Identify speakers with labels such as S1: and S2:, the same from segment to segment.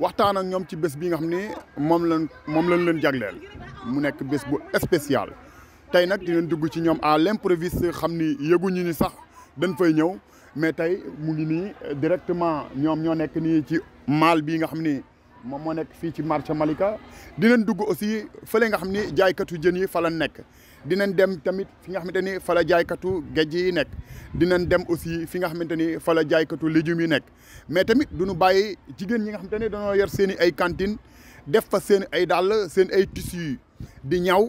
S1: waxtaan ak ñoom ci bés bi nga xam ni moom lañ moom lañ leen jagleel mu nekk bés bu spécial tey nag dinañ dugg ci ñoom à l'improviste xam ni yëguñu ni sax dañ fay ñëw mais tey mu ngi nii directement ñoom ñoo nekk nii ci maal bi nga xam ni moom moo nekk fii ci marché Malika dinañ dugg aussi fa fële nga xam ni jaaykatu jën yi fa la nekk dinañ dem tamit fi nga xamanteni fa la jaaykatu géej yi nek dinañ dem aussi fi nga xamanteni fa la jaaykatu lejum yi nek mais tamit duñu bayyi jigen yi nga xamanteni ni yor seen ay cantine def fa seen ay dal seen ay tissu di ñaw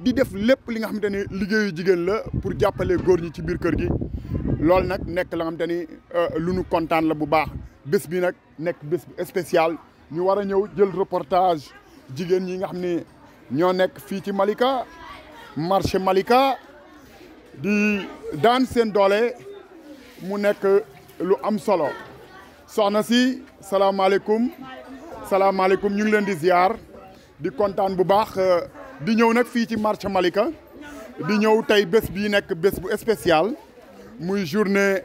S1: di def lepp li nga xamanteni ni liggéeyu jigéen la pour jappalé góor ñi ci biir kër gi lool nak nek la nga xamanteni euh, luñu contane la bu baax bés bi nak nek spécial ñu wara jël reportage jigen yi nga ño nek fi ci Malika marché Malika du dans seen doole mu nekk lu am solo soxna si salam salaamaaleykum ñu ngi leen di ziar di kontaan bu baax euh, di ñëw nag ci marché Malika di ñëw tey bés bi nekk bés bu spécial muy journée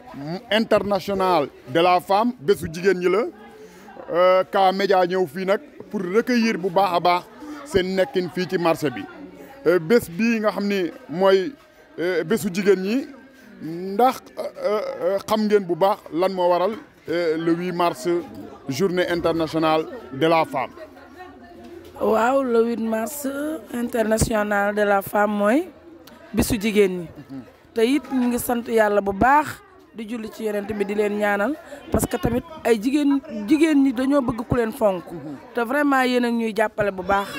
S1: internationale de la femme bésu jigéen ñi Euh, K Média ñëw fii nag pour recueillir bu baax a baax seen nekkin fii ci marché bi euh, bés bi nga xamni moy mooy euh, bésu jigéen ñi ndax euh, xam ngeen bu baax lan mo waral le 8 mars journée internationale de la femme. waaw le 8 mars
S2: international de la femme moy bisu jigen ñi. te it ñu ngi sant yalla bu baax di julli ci yonent bi di leen ñaanal parce que tamit ay jigen jigen ñi dañoo bëgg ku leen fonk te vraiment yéen a ñuy jappalé bu baax.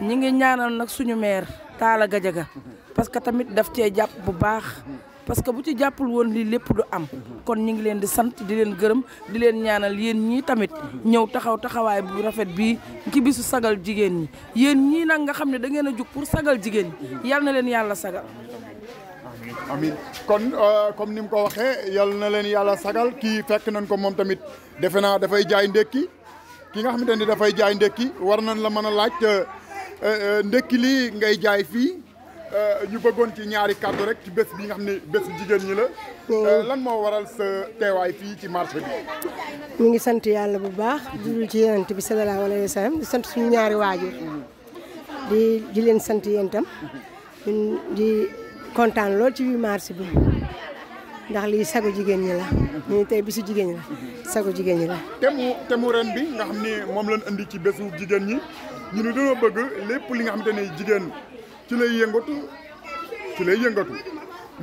S2: ñi ngi ñaanal nak suñu maire Talla Gadiaga parce que tamit daf ci japp bu baax parce que bu ci jappul won li lepp du am kon ñi ngi leen di sant di leen gërëm di leen ñaanal yeen ñi tamit ñew taxaw taxaway bu rafet bi ci bisu sagal jigeni, ñi yeen ñi nak nga xamne da ngeen a juk pour sagal jigen ñi yal na leen yalla sagal
S3: amin
S1: kon euh, comme nim ko waxe yal na leen yalla sagal ki fekk nañ ko mom tamit defena da fay jaay ndekki ki nga xamne ni fay jaay ndekki war nañ la mëna Euh, euh, ndekki lii ngay jaay fii euh, ñu bëggoon ci ñaari kàddu rek ci bés bi nga xam ne bés jigéen ñi la. lan moo waral sa teewaay fii ci marché bi.
S4: ñu ngi sant yàlla bu baax. di ci yonent bi sallallahu alayhi wa sallam di sant
S3: suñu ñaari waajur. di di leen sant yéen itam. di
S4: kontaan lool ci 8 bi. ndax lii sagu jigéen ñi la ñu tey bisu jigéen ñi la sagu jigéen ñi la.
S1: temu temu ren bi nga xam ne moom leen indi ci bésu jigéen ñi ñu ne dañoo bëgg lépp li nga xamante ne jigéen ci lay yëngatu ci lay yëngatu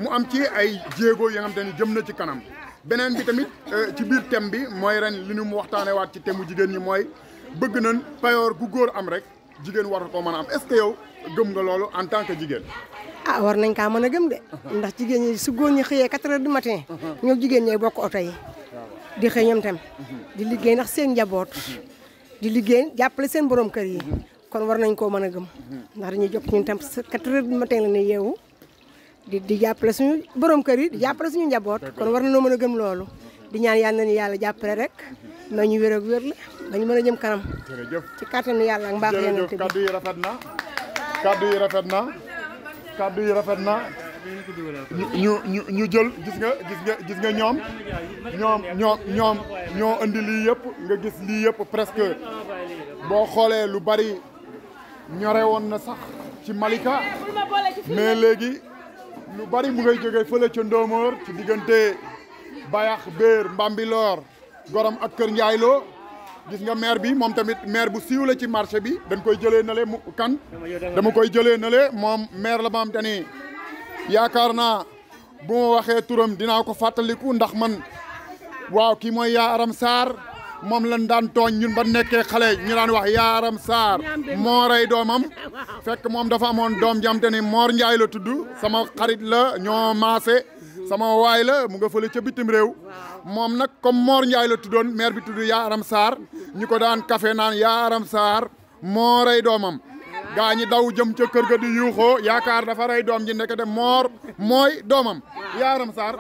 S1: mu am ci ay jéego yi nga xamante jëm na ci kanam beneen bi tamit euh, ci biir thème bi mooy ren li nu mu waxtaanee waat ci thème jigéen ñi mooy bëgg nañ payoor gu góor am rek jigéen war ko mën a am est-ce que yow gëm nga loolu en tant que jigéen.
S4: ah war nañ ka mëna gëm dé ndax jigéen ñi su goor ñi xëyé 4h du matin ñoo jigéen ñee bokk auto yi di xëy ñoom tam di liggéey nak seen njaboot di liggéey jàppale seen borom kër yi kon war nañ ko mëna gëm ndax dañu jox ñun tam 4h du matin la ne yewu
S3: di di jàppale suñu borom kër yi di jàppale suñu njaboot kon war nañu mëna gëm loolu di ñaan yalla nañu yalla jappalé rek ma ñu wér ak wër la dañu mëna a jëm kanam ci kàttanu yalla ak baax mbaax ci
S1: kaddu yi rafetna kaddu yi rafetna kàddu yi rafet na ñu ñu ñu jël gis nga gis nga gis nga ñoom ñoom ñoom ñoom ñoo indi lii yëpp nga gis lii yëpp presque boo xoolee lu bari ñore woon na sax ci Malika mais léegi lu bari mu ngay jóge fële ca Ndoomoor ci diggante Bayax Béer Mbambilor Gorom ak Kër Ndiayloo gis nga maire bi moom tamit maire bu siiw la ci marché bi dañ koy jëlee na mu kan dama koy jëlee na moom maire la ma am te yaakaar naa bu ma waxee turam dinaa ko fàttaliku ndax man waaw kii mooy yaa aram saar moom lañ daan tooñ ñun ba nekkee xale ñu daan wax yaa aram saar mooray doomam fekk moom dafa amoon doom jam te moor njaay la tudd sama xarit la ñoo maase sama waay la mu nga fële ca bitim réew moom nag comme moor Ndiaye la tuddoon maire bi tudd Yaaram saar ñu ko daan café naan Yaaram saar moo rey doomam gaa ñi daw jëm ca kër ga di yuuxoo yaakaar dafa rey doom ji ndekete moor mooy doomam Yaram Sarr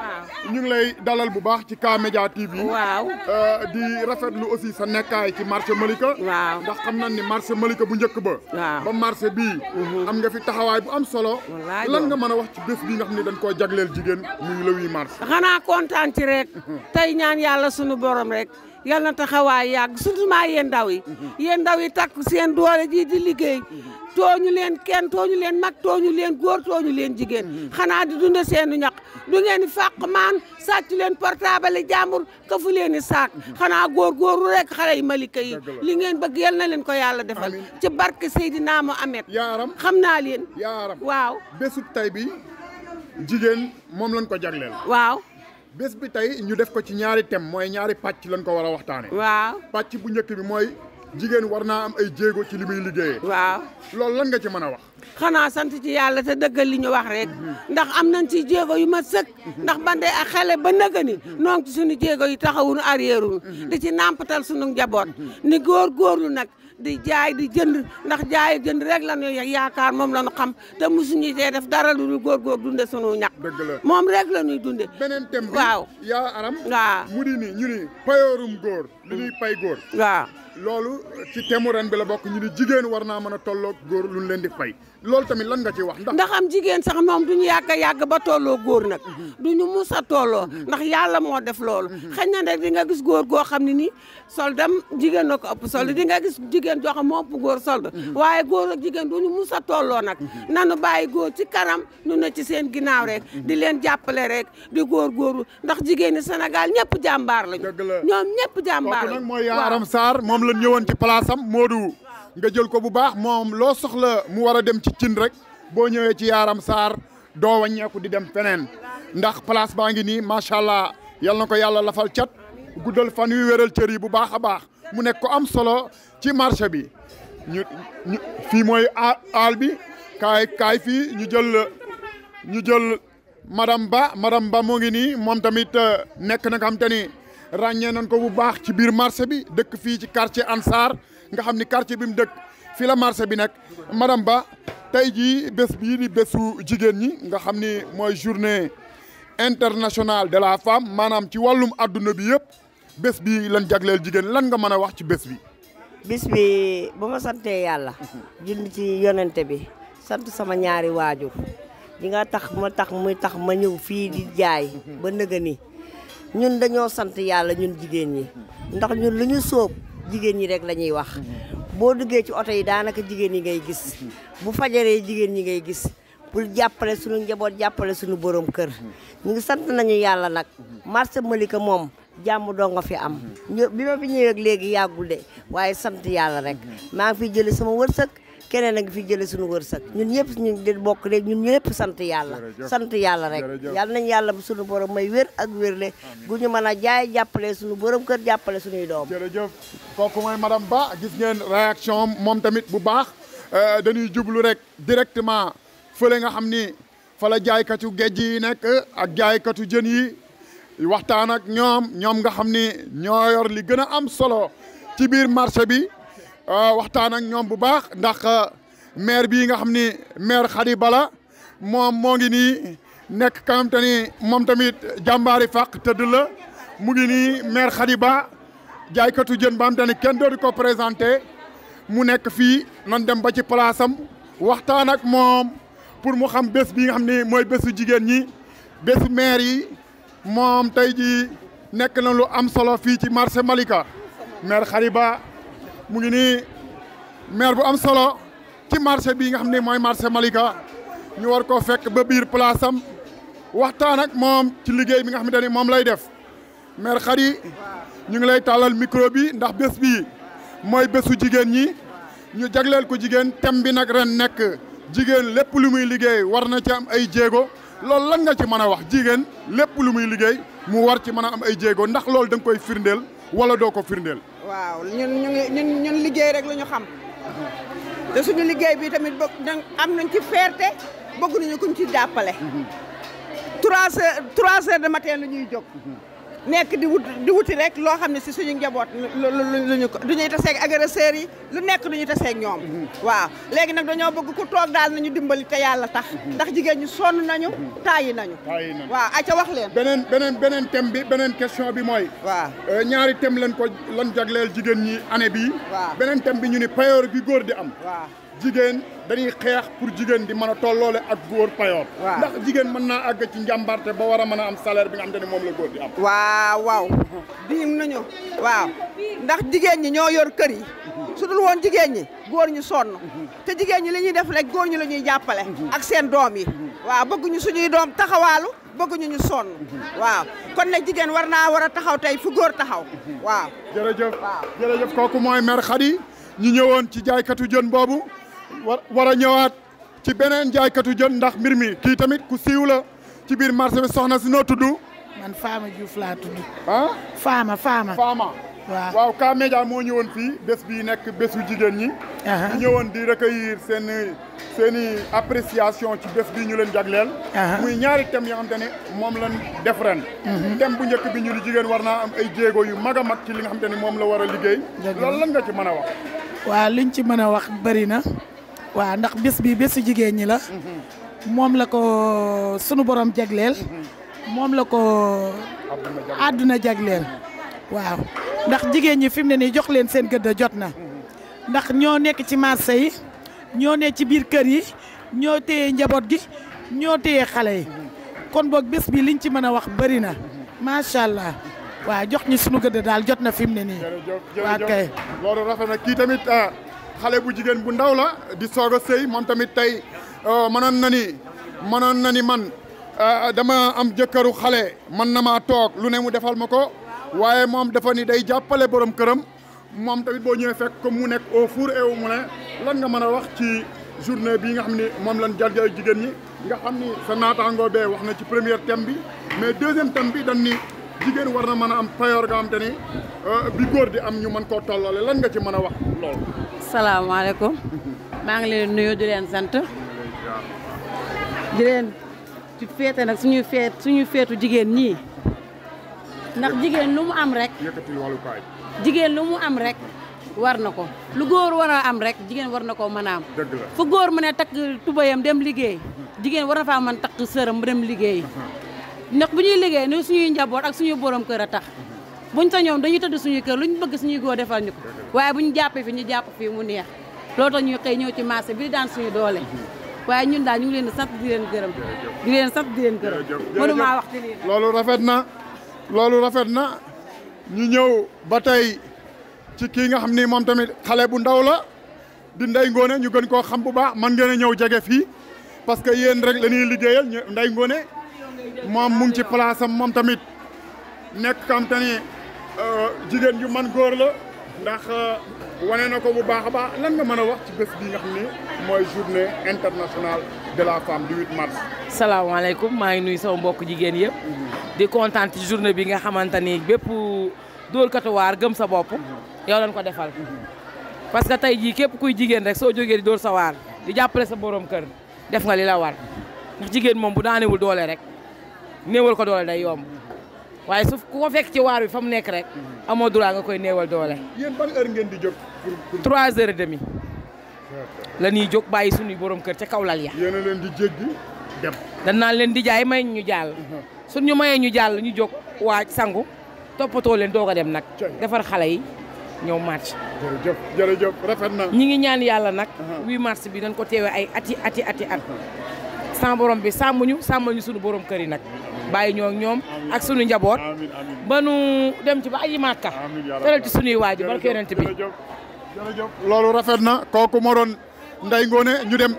S1: ñu ngi lay dalal bu baax ci K-Media TV waaw euh, di rafetlu aussi sa nekkaay ci marché Malika waaw ndax xam nañ ni marché Malika bu njëkk ba ba marché bii mhm. am nga fi taxawaay bu am solo lan nga mën a wax
S5: ci bés bi nga xam ni dañ koo jagleel jigéen muy le 8 xanaa kontaan ci rek mhm. tey ñaan yàlla sunu borom rek yal na taxawaay yàgg surtout yéen ndaw yi mhm. yéen ndaw yi takk seen doole ji di liggéey mhm. tooñu leen kenn tooñu leen mag tooñu leen góor tooñu leen jigéen mhm. xanaa di dund seenu ñaq du ngeen di fàq maan sàcc leen portable jàmbur kafu leen i saak xanaa góor góoru rek xale yi malika yi li ngeen bëgg yal na leen ko yàlla defal ci barke Seydina Muhammad yaaram xam naa leen yaaram waaw bésu tay bi
S1: jigéen moom lañ ko jagleel waaw bés bi tey ñu def ko ci ñaari thème mooy ñaari pàcc lan ko war a waxtaane waaw pàcc bu njëkk bi mooy jigéen war naa am ay jéego
S5: ci li muy liggéeyee. waaw loolu lan nga ci mën a wax. xanaa sant ci yàlla te dëggal li ñu wax rek. Mhm. ndax am nañ ci jéego yu ma sëkk. Mhm. ndax bande ak xale ba naga ni. noo mhm. ngi ci suñu jéego yi taxawuñu arrière di ci nàmpatal sunu njaboot. ni góor góorlu nag. di jaay di jënd ndax jaay jënd rek la ñu yaakaar moom la ñu xam te mus mosuñu see def dara lu dul góorgóor dunde sunu ñaq moom rek la ñuy dunde beneen thème bi waaw yaa aram waaw mu di
S1: ni ñu ni payoorum góor li ñuy pay góor waaw lolu ci thème bi la bok ñu ni
S5: jigéen war naa mën a tolloog leen di fay loolu tamit lan nga ci wax ndax ndax am jigéen sax mom duñu yag yag ba tollo góor nak duñu musa tollo ndax yalla mo def loolu xëy na rek di nga gis góor go xamni ni soldam jigéen nako upp ëpp di nga gis jigéen joo xam moo ëpp góor solde waye góor ak jigéen duñu musa tollo nak nanu bayyi ci karam nu ne ci seen ginaaw rek di leen jappalé rek di góor góoru ndax jigéen ni Sénégal
S6: lañu mo yaaram
S1: sar mom la ñëwoon ci place am Modou nga jël ko bu baax mom lo soxla mu wara dem ci tin rek bo ñëwé ci Yaram sar do di dem fenen. ndax place baangi ni nii ya allah yalla na lafal chat, guddal fan yu wéral cër bu baax a baax mu nekk ko am solo ci marché bi ñu fi moy al bi kay kay fi ñu jël ñu jël madame Ba madame Ba mo ngi ni mom tamit euh, nekk na nga xam ràññee nañ ko bu baax ci biir marché bi dëkk fii ci quartier Ansar nga xam ni quartier bi mu dëkk fi la marché bi nekk madame Ba tey jii bés bii di bésu jigéen ñi nga xam ni mooy journée internationale de la femme maanaam ci wàllum àdduna bi yëpp bés bi lan jagleel jigéen lan nga mën a wax ci bés bi. bis bi ba ma santee
S7: yàlla. julli ci yonente bi sant sama ñaari waajur. di nga tax ma tax muy tax ma ñëw fii di jaay ba nëgë ni ñun dañoo sant yàlla ñun jigéen ñi ndax ñun lu ñu sóob jigéen ñi rek la ñuy wax boo duggee ci oto yi daanaka jigéen ñi ngay gis bu fajaree jigéen ñi ngay gis pour jàppale suñu njaboot jàppale suñu borom kër ñu sant nañu yàlla nag marché Malika moom jàmm doo nga fi am bi ma fi ñëwee léegi yàggul de waaye sant yàlla rek maa ngi fiy jëlee sama wërsëg keneen ak fi jële suñu wërsëg ñun ñëpp ñu di bokk rek ñun ñëpp sant yàlla sant yàlla rek yàlla nañ yàlla suñu borom may wér ak wérle gu ñu mën a jaay jàppale
S1: suñu borom kër jàppale suñuy doom jërëjëf kooku mooy madame Ba gis ngeen réaction moom tamit bu baax euh, dañuy jublu rek directement fële nga xam ni fa la jaaykatu géej yi nekk ak jaaykatu jën yi waxtaan ak ñoom ñoom nga xam ni ñoo yor li gën a am solo ci biir marché bi Euh, waxtaan ak ñoom bu baax ndax euh, maire bii nga xam ni maire Khady Bala moom moo ngi nii nekk kam te ni moom tamit jàmbaari fàq tëdd la mu ngi nii maire Khady Ba jaaykatu jën ba am te ni kenn dootu ko présenté mu nekk fii nan dem ba ci place am waxtaan ak moom pour mu xam bés bi nga xam ni mooy bésu jigéen ñi bésu maire yi moom tey ji nekk na lu am solo fii ci marché Malika maire Khady Ba mu ngi nii maire bu am solo ci marché bi nga xam ne mooy marché Malika ñu war koo fekk ba biir place am waxtaan ak moom ci liggéey bi nga xamante ni moom lay def maire Khady ñu ngi lay tàllal micro bi ndax bés bii mooy bésu jigéen ñi ñu jagleel ko jigéen thème bi nag ren nekk jigéen lépp lu muy liggéey war na ci am ay jéego loolu lan nga ci mën a wax jigéen lépp lu muy liggéey mu war ci mën a am ay jéego ndax loolu da nga koy firndeel wala doo ko firndeel
S5: waaw ñun ñu ngi ñun ñun liggéey rek lu ñu xam te suñu liggéey bi tamit bëgg am nañ ci fierté bëgg nañu kuñ ci jàppale mhm. trois heures trois heures de matin la ñuy jóg mhm. nekk di wut di wuti rek loo xam ne si suñu njaboot luñu ko duñuy taseeg agresseurs yi lu nekk duñu taseeg ñoom mm-hmm. waaw léegi nag dañoo bëgg ku toog daal nañu dimbali te yàlla tax mm-hmm. ndax jigéen ñu sonn mm-hmm. nañu taayi nañu waaw aca wax leen beneen beneen beneen bi beneen question bi mooy waaw
S1: euh, ñaari thème lañ ko lañ jagleel jigéen ñi année bi waaw beneen thème bi ñu ni payoor bi góor di am waaw jigéen dañuy xeex pour jigéen di mën a tolloole ak góor payoor ndax jigéen mën na àgg ci njàmbarte ba war a mën a am salaire bi nga xam te ne moom la góor di am
S5: waaw waaw diim nañu waaw ndax jigéen ñi ñoo yor kër yi su dul woon jigéen ñi góor ñu sonn te jigéen ñi li ñuy def rek góor ñi la ñuy jàppale ak seen doom yi waaw bëgguñu suñuy doom taxawaalu bëgguñu ñu sonn waaw kon nag jigéen war naa war a taxaw tey fu góor
S6: taxaw waaw
S1: jërëjëf
S5: jërëjëf kooku mooy mère Khady ñu ñëwoon ci jaaykatu
S1: jën boobu war a ñëwaat ci beneen jaaykatu jën ndax mbir mi kii tamit ku siiw la ci biir marché bi soxna si noo tudd.
S8: man Fama Diouf laa tudd.
S1: ah Fama Fama. Fama waaw waaw K-Media moo ñëwoon fii bés bii nekk bésu jigéen ñi. ñu ñëwoon di recueillir seen seen i appréciation ci bés bii ñu leen jagleel. muy ñaari thèmes yoo xamante ne lañ def ren. Mhm. thème bu njëkk bi ñu di jigéen war am ay jéego yu mag mag ci li nga xamante ne la war liggéey. loolu lan nga ci mën wax.
S8: waaw liñ ci mën wax bari na wa ndax bis bi bésu jigéen ñi la mom mm-hmm. la ko sunu borom jagleel mom mm-hmm. la ko aduna jagleel mm-hmm. waaw ndax jigéen ñi fi ni jox leen seen gëdd jotna ndax ño nekk ci marché yi ne ci biir kër yi ño njabot gi ño xalé yi kon bok bis bi liñ ci mëna wax bari na sha allah waaw jox ñi sunu gëdd dal jotna na ni mu kay loolu rafa na ki tamit ah, xale bu
S1: jigéen bu ndaw la di soog a sëy moom tamit tey euh, mënoon na ni mënoon na ni man euh, dama am jëkkëru xale man na maa toog lu ne mu defal ma ko waaye moom dafa ni day jàppale borom këram moom tamit boo ñëwee fekk comme mu nekk au four et au moulin lan nga mën a wax ci journée bi nga xam ne moom lan jarjay jigéen ñi nga xam ni sa naataangoo bee wax na ci première thème bi mais deuxième thème bi dañ ni jigen warna mana am payoor ga am tane ni euh, bi gor di am ñu man ko tollale lan nga ci mëna wax lool.
S5: alaykum
S2: ma ngi leen nuyu di leen sant. di leen ci féete nak suñu feet suñu feetu jigen ñii nak jigen lu mu am rek. jigen lu mu am rek. warna ko lu gor wara am rek jigen war na am. fu gor mëne tak tubayam dem liggéey. jigen wara fa man tak sëram dem liggéey ndax buñuy ñuy liggéey ni suñuy njaboot ak suñuy borom kër tax buñ sa ñoom dañuy tëdd suñuy kër luñ bëgg suñuy góor defal ñu ko waaye buñ jàppee fi ñu jàpp fi mu neex loolu tax ñuy xëy ñëw ci marché bi daan suñu doole waaye ñun daal ñu ngi leen di sant di leen gërëm di leen
S1: sant di leen gërëm mënumaa wax ci lii loolu rafet na loolu rafet na ñu ñëw ba tey ci kii nga xam ni moom tamit xale bu ndaw la di Ndeye Ngone ñu gën koo xam bu baax man ngeen a ñëw jege fii parce que yéen rek la ñuy liggéeyal Ndeye Ngone moom mu ci place moom tamit nekk xam te euh, jigéen ju man góor la ndax euh, wane na ko bu baax a lan nga mën a wax ci bés bi nga xam mooy journée internationale de la femme du 8 mars. salaamaaleykum
S2: maa ngi nuyu sama mbokk jigéen yëpp. di kontaan ci journée bi nga xamante ni bépp dóor katuwaar gëm sa bopp. yow lañ ko defal. parce que tey jii képp kuy jigéen rek soo jógee di dóor sa waar di jàppale sa borom kër def nga li la war ndax jigéen moom bu daanewul doole rek. néewal ko doole day yomb waaye su ku ko fekk ci waar bi fa mu rek amoo droit nga koy doole. ban heure ngeen di demi la ñuy jóg bàyyi suñuy borom kër ca kaw ya. yéen a leen di jéggi dem. danaan leen di jaay may ñu jàll. Uh-huh. suñ ñu ñu jàll ñu jóg waaj sangu toppatoo leen doog dem defar xale yi ñëw marché. jërëjëf jërëjëf rafet na. ñi ngi ñaan yàlla nag. 8 uh-huh. mars bi dañ ko teewee ay ati ati ati at. Uh-huh. borom bi sàmm ñu suñu borom kër yi baye ñoo ñom ak suñu njaboot ba nu dem ci ba makka ya teral ci suñu waji barke yonent bi
S1: lolu rafetna koku mo kooku doon nday ngone ñu dem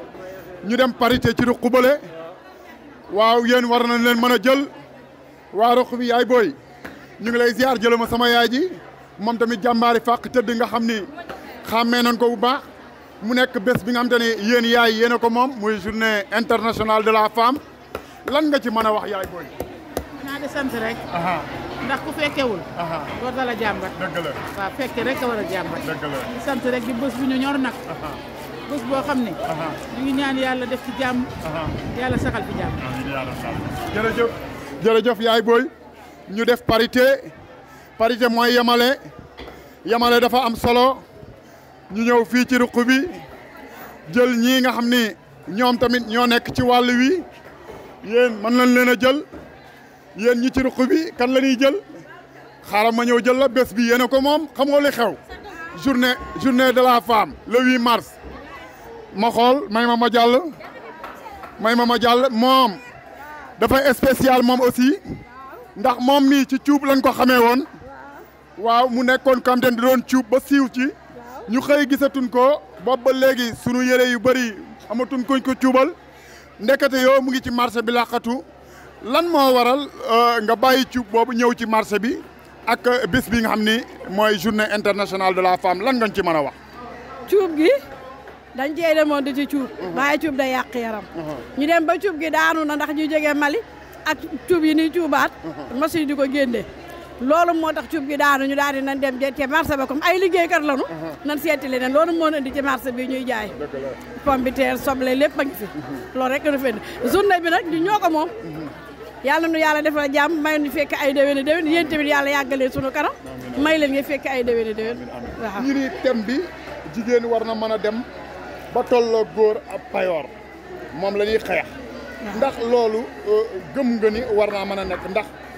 S1: ñu dem parité ci ruq bale waaw yeen war nañ leen mëna jël waa ruq bi yaay boy ñu ngi lay ziar jëluma sama yaaji mom tamit jambaari faq nga xamni xamé nañ ko bu baax mu nek bi nga yeen yaay yeenako mom moy journée internationale de la femme lan nga ci
S8: mën a wax yaay booy. xanaa di sant rek. ndax ku fekkewul. doo dala jàmbat. dëgg la fekke rek a war a jàmbat. dëgg la di sant rek di bés bu ñu ñor nag. bés boo xam ne. ñu ngi ñaan yàlla def ci jàmm. fi jàmm.
S1: jërëjëf. jërëjëf yaay booy ñu def parité parité mooy yamale yemale dafa am solo ñu ñëw fii ci ruq bi jël ñii nga xam ni ñoom tamit ñoo nekk ci wàll wi. yéen mën nañ leen a jël yéen ñi ci ruq bi kan la ñuy jël xaaral ma ñëw jël la bés bi yéen ko moom xam nga li xew journée journée de la femme le 8 ma xool may ma ma jàll may ma ma jàll moom dafay spécial moom aussi ndax moom mii ci cuub lañ ko xamee woon waaw mu nekkoon kam ten di doon cuub ba siiw ci ñu xëy gisatuñ ko boobu ba léegi sunu yére yu bëri amatuñ koñ ko cuubal ndekete yoo mu ngi ci marché bi làqatu lan moo waral euh, nga bàyyi ci boobu ñëw ci marché bi ak euh, bés bi nga xam ni mooy journée international de la femme lan nga ci mën a wax.
S9: cuub gi dañ cee demoon di ci cuub. Uh-huh. waaye cuub day yàq yaram. Uh-huh. ñu dem ba cuub gi daanu na ndax ñu jógee Mali ak cuub yi ni cuubaat. Uh-huh. machine di ko génne. loolu moo tax cub gi daanu ñu daal di nañ dem ci marché ba comme ay liggéeykat lañu. Uh-huh. nañ seeti leneen loolu moo indi ci marché bi ñuy jaay. pomme de terre soble lépp a fi. Uh-huh. loolu rek nu fi indi journée bi nag ñu ñoo ko moom. Uh-huh. yàlla nu yàlla defal jàmm may nu fekk ay déwéni déwén yéen tamit yàlla yàggalee sunu kanam may leen nga fekk ay déwéni déwén waaw ñu ni thème bi jigéen war na mën a dem
S1: ba tolloo góor ab payoor moom la ñuy xeex ndax loolu euh, gëm nga war naa mën a nekk ndax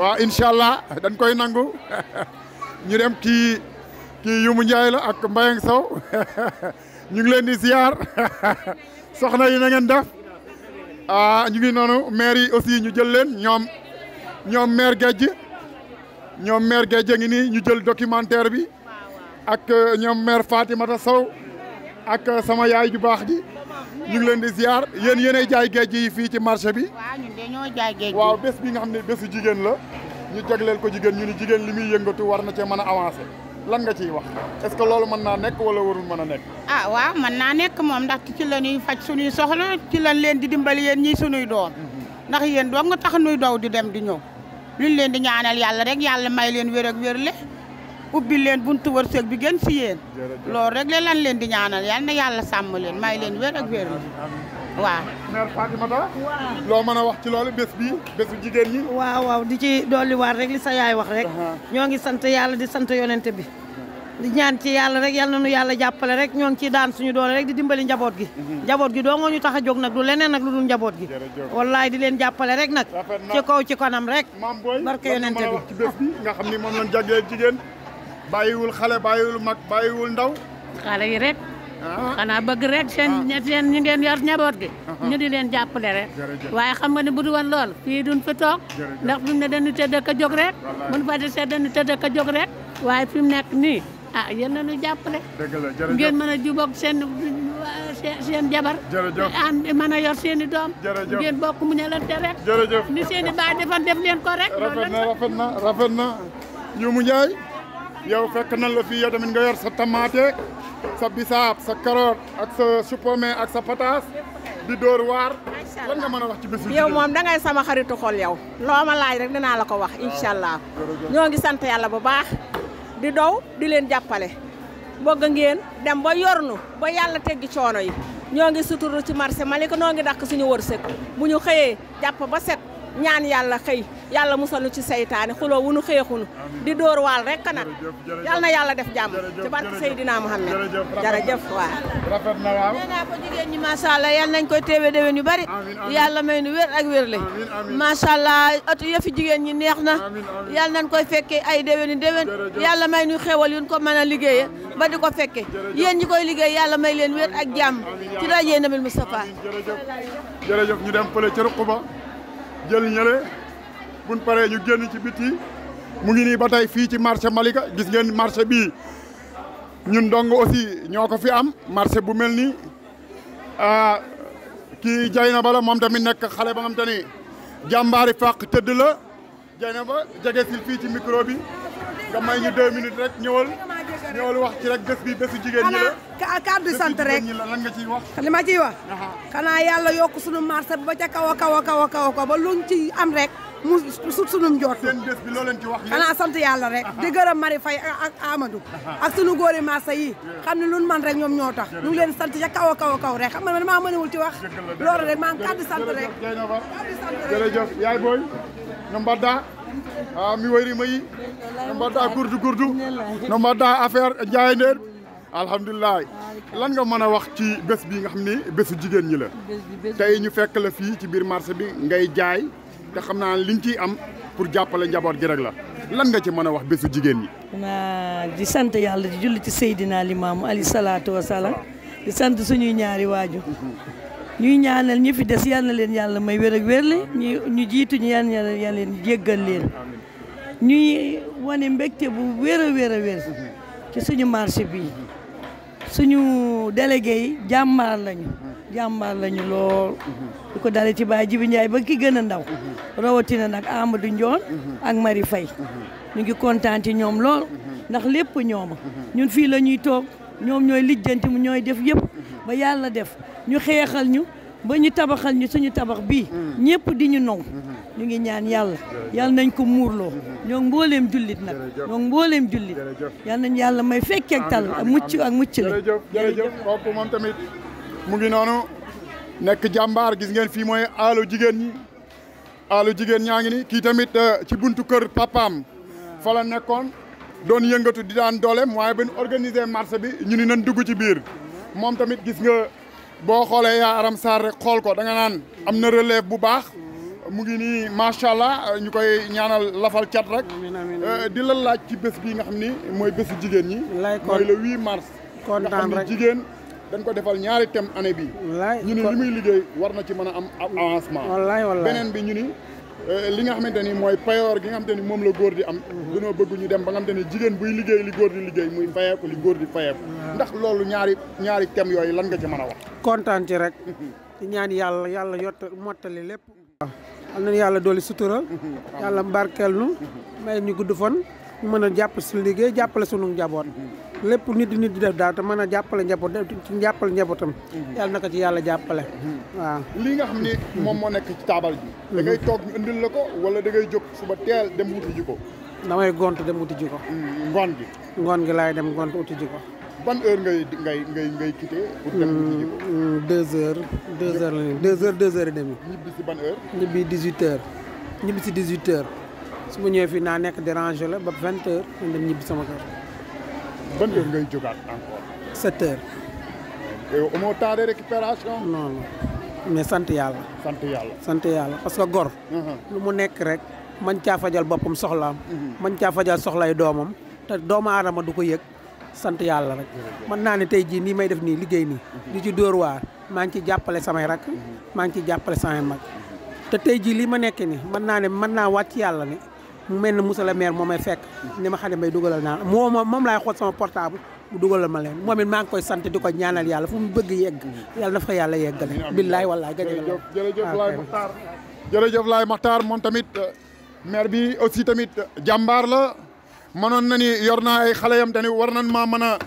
S1: waaw incha allah dañ koy nangu ñu dem kii kii Yumu Njaay la ak Mbayang Sow ñu ngi leen di siyaar soxna yi na ngeen def a ah, ñu ngi noonu maire yi aussi ñu jël leen ñoom ñoom maire Géej ñoom maire Géej ngi nii ñu jël documentaire bi ak ñoom maire Fatimata Sow ak sama yaay ju baax ji ñu ngi leen di ziar yéen yéenay jaay géej yi fii ci marché bi. waaw ñun de ñoo jaay géej waaw bés bi nga xam ne bésu jigéen la ñu jagleel ko jigéen ñu ni jigéen li muy yëngatu war na cee man a avancer lan nga ciy wax est-ce que loolu
S6: mën naa nekk wala warul mën a nekk. ah waaw mën naa nekk moom ndax ci la ñuy faj suñuy soxla ci lañ leen di dimbali yéen ñii suñuy doom mm-hmm. ndax yéen doog nga tax nuy daw di dem di ñëw luñ
S5: leen di ñaanal yàlla rek yàlla may leen wér ak wérle ubbi leen buntu wërsëg bi gën si yéen
S4: loolu rek la lan leen di ñaanal yal na yàlla sàmm leen may leen wér ak wér waaw
S3: mère Fatimata loo mën a wax ci loolu bés bi bésu jigéen ñi waaw waaw di ci dolli waar rek li sa yaay wax rek uh-huh. ñoo ngi sant yàlla di sant yonente bi di ñaan ci yàlla rek yal na nu yàlla jàppale rek ñoo ngi ciy daan suñu doole rek di dimbali njaboot gi uh-huh. njaboot gi doongoo ñu tax a jóg nag du leneen nag lu dul njaboot gi wallaay di leen jàppale rek nag ci ci kanam rek barke
S1: yonente bi nga xam ni moom lañ jagleel jigéen bayiwul xalé bayiwul mak bayiwul
S4: ndaw. xalé yi rek. Ah. xana bëgg rek seen ah. ñet seen ñi ngeen yor njaboot gi. ñu di leen jappalé rek. waye xam nga ni bu du woon lool fi duñ fi tok ndax fi mu ne dañu tedd ka jog rek. wallaay buñ fa desee dañu tedd ka jog rek. waye fi mu nekk nii ah yeen nañu jappalé ngeen mëna jubok seen seen jabar. jërëjëf am ah, mën
S1: yor seen doom. ngeen bokku mu té rek. ni seen i baay defan def leen ko rek. rafetna rafetna rafetna ñu mu ñay yow fekk nan la fi yow tamit nga yor sa tamaate sa bisab sa carotte ak sa supome ak sa pataas di dóor
S5: war lan nga mëna wax ci bisu yow mom da ngay sama xaritu xol yow loma laaj rek dina la ko wax inshallah
S6: ah, ñoo
S5: ngi sante yalla bu baax di dow di len jappalé bëgg ngeen dem ba yornu ba yalla teggi coono yi ñoo ngi suturu ci marché Malika ñoo ngi dakk suñu wërsëg bu ñu xëyee ba set ñaan yàlla xëy yàlla musalu ci seytaane xuloo wunu xeexunu di dóor waal rek nag yal na yàlla def jàmm ci barke Seydina Muhammad jërëjëf waaw rafet na waaw nee naa nañ koy teewe déwén yu bari yàlla may nu wér ak wér le macha allah jigéen ñi neex na yàlla nañ koy fekkee ay déwén yu yàlla may nu xewal yuñ ko mën a liggéeye ba di ko fekke yéen ñi koy liggéey yàlla may leen wér ak jàmm ci dajee nabil Moustapha
S1: jërëjëf ñu dem fële ca jël ñële buñ paree ñu génn ci biti mu ngi nii ba tey fii ci marché Malika gis ngeen marché bii ñun dong aussi ñoo ko fi am marché bu mel nii ah, kii Dieynaba la moom tamit nekk xale ba nga xamante ni jàmbaari fàq tëdd la Dieynaba jege sil fii ci micro bi nga may ñu deux rek ñëwal ñoo lu wax ci rek bés
S3: bi bésu jigéen ñi la xanaa kàddu sant ma yàlla ba ca kaw kaw kaw kaw a ba luñ ci am rek mu sut sunum jot seen bés bi loo leen ci wax xanaa sant yàlla rek di gërëm Mari Faye ak Amadou ak sunu góori marché yi xam ne luñ man rek ñoom ñoo tax ñu ngi leen sant ca kaw a kaw a kaw rek xam nga man maa mënewul ci wax loolu
S2: rek maa ngi kàddu sant rek
S1: yaay booy ñoom Badda ha ah, mi wari mayi no mbaɗɗa gurdu gurdu no mbaɗɗa affaire jaay nden alhamdulilah lan nga mën a wax ci bés bi nga xam ni bésu jigéen ñi la tey ñu fekk la fii ci biir marché bi ngay jaay te xam naa li ñu ciy am pour jàppale njaboot gi rek la lan nga ci mën a wax bésu jigéen ñi
S2: naa di sant yàlla di julli ci Seydina Limaamu ali salaatu wa salaam di sant suñuy ñaari waaju ñuy ñaanal ñi fi des yàlla leen yàlla may wér ak wérle ñu ñu jiituñu ñu yal na yàlla leen jéggal leen ñuy wane mbégte bu wér a wér a wér ci suñu marché bi suñu délégué yi jàmbaar lañu jàmbaar lañu lool di ko dale ci Baye Jibi Ndiaye ba ki gën a ndaw rawatina nag Amadou Ndione ak mari Faye ñu ngi kontaan ci ñoom lool ndax lépp ñooma ñun fii la ñuy toog ñoom ñooy lijjanti mu ñooy def yëpp ba yàlla def ñu xéxal ñu ba ñu tabaxal ñu suñu tabax bi mm. ñepp di ñu nong mm-hmm. ñu ngi ñaan yalla yalla nañ ko muurloo
S1: mm-hmm. ñok mbolem julit nak ñok mbolem julit yalla nañ yalla may fekke
S2: ak tal
S9: muccu ak muccu la jërëjëf
S1: jërëjëf kooku tamit mu ngi nonu nek jambar gis ngeen fi moy alu jigen ñi alu jigen ñangi ni ki tamit euh, ci buntu kër papam fa la nekkon don yëngatu di daan dolem waye ben organiser marché bi ñu ni nañ dugg ci bir mom tamit gis nga bo xolé ya aram sar rek xol ko da nga nan am na relève bu baax mu ngi nii macha allah ñu ñaanal lafal cat rek euh, di la laaj ci bés bi nga xamni moy mooy jigen ñi moy le 8 mars nga rek jigen dañ ko defal ñaari thème année bi ñu ni limuy muy liggéey war na ci mëna am avancement benen bi ñu ni Euh, li nga xamante ni mooy payoor gi nga xamante ni moom la góor di am dunoo bëgg ñu dem ba nga xamante ni jigéen buy liggéey li góor di liggéey muy fayeeku li góor di fayeeku
S6: ndax loolu ñaari ñaari thèmes yooyu lan nga ci mën a wax kontaan ci rek di ñaan yàlla yàlla yott mottali lépp am nañu yàlla dooli sutura yàlla mbarkeel nu may ñu gudd fan ñu mën a jàpp si liggéey jàppale sunu njaboot lépp nit di nit di def daal te mën a jàppale njaboot ci jàppale njabootam. Mhm. yàlla na ko ci yàlla jàppale. Mhm. waaw
S1: lii nga xam ni mhm. moom moo nekk ci taabal bi. da ngay toog ñu indil la ko wala da ngay jóg suba teel dem wuti
S6: ji ko. damay gont dem wuti ji ko. ngoon gi. ngoon gi laay dem gont wuti ji ko.
S1: ban heure ngay ngay ngay ngay quitté. pour
S6: dem wuti ji ko. deux heures. deux heures la nii deux heures deux heures et ñibbi si ban heure. ñibbi dix huit heures. ñibbi si dix huit heures. su ma ñëwee fii naa nekk déranger la ba vingt heures ñu dem ñibbi sama kër. ban heure ngay jógaat encore. 7 heures. yow amoo temps récupération. mais sant yàlla. sant yàlla sant parce que gor. Uh-huh. lu mu nekk rek man caa fajal boppam soxlaam. Uh-huh. man caa fajal soxlay doomam te doomu aadama du ko yëg. sant yàlla rek mën naa ne tey jii nii may def nii liggéey nii uh-huh. di ci dóor waar maa ngi ci jàppale samay rak maa ngi ci jàppale samay mag te tey jii lii ma nekk nii mën naa ne mën naa wàcc yàlla ne mu mel ne monsieur le maire moo may fekk ni ma xam may dugalal naa moom moom laay xool sama portable mu dugalal ma leen moom it maa ngi koy sant di ko ñaanal yàlla fu mu bëgg yegg yàlla na fa yàlla yeggale billaay wallaay jërëjëf
S1: ah, la Laay Maxtaar
S6: jërëjëf Laay Maxtaar moom tamit euh, maire bi aussi
S1: tamit euh, jàmbaar la mënoon na ni yor naa ay xale yam dañu war nañ maa mën a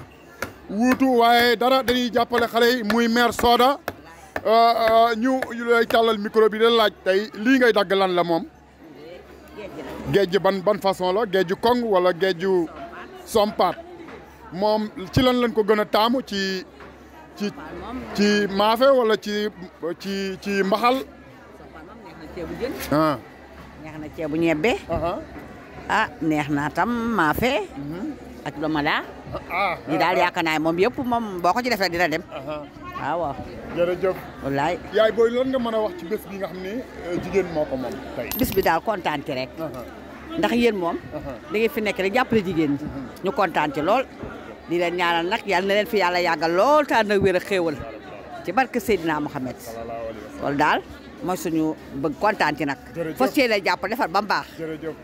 S1: wuutu waaye dara dañuy jàppale xale yi muy maire Soda euh, ñu lay tàllal micro da laaj tey lii ngay dagg lan la moom géej ban ban façon la géeju kong wala géeju sompat Mom, ci lan lañ ko gëna tamu ci ci ci mafé wala ci ci ci
S9: mbaxal ah neex na ceebu ñebbe ah neexna tam mafé
S7: mhm. ak mala ah di dal yakanaay
S1: mom moom yëpp mom boo ci defé dina dem waaw waaw. jërëjëf. wallaay. yaay booy lan nga mën a wax ci bés bi nga xam ne euh, jigéen moo ko moom tey. bis bi daal kontaan ci rek. Uh-huh. ndax yéen moom. Uh-huh. da ngeen fi nekk rek jàppale jigéen ñi. Uh-huh. ñu kontaan lool. di leen ñaanal nag
S2: yal na leen fi yàlla yàggal lool te ànd ak wér a xéewal ci barke Seydina Mohamed. loolu
S1: daal. moy suñu bëgg kontaan nak
S2: fossé
S3: lay japp yéene jàpp ba baax.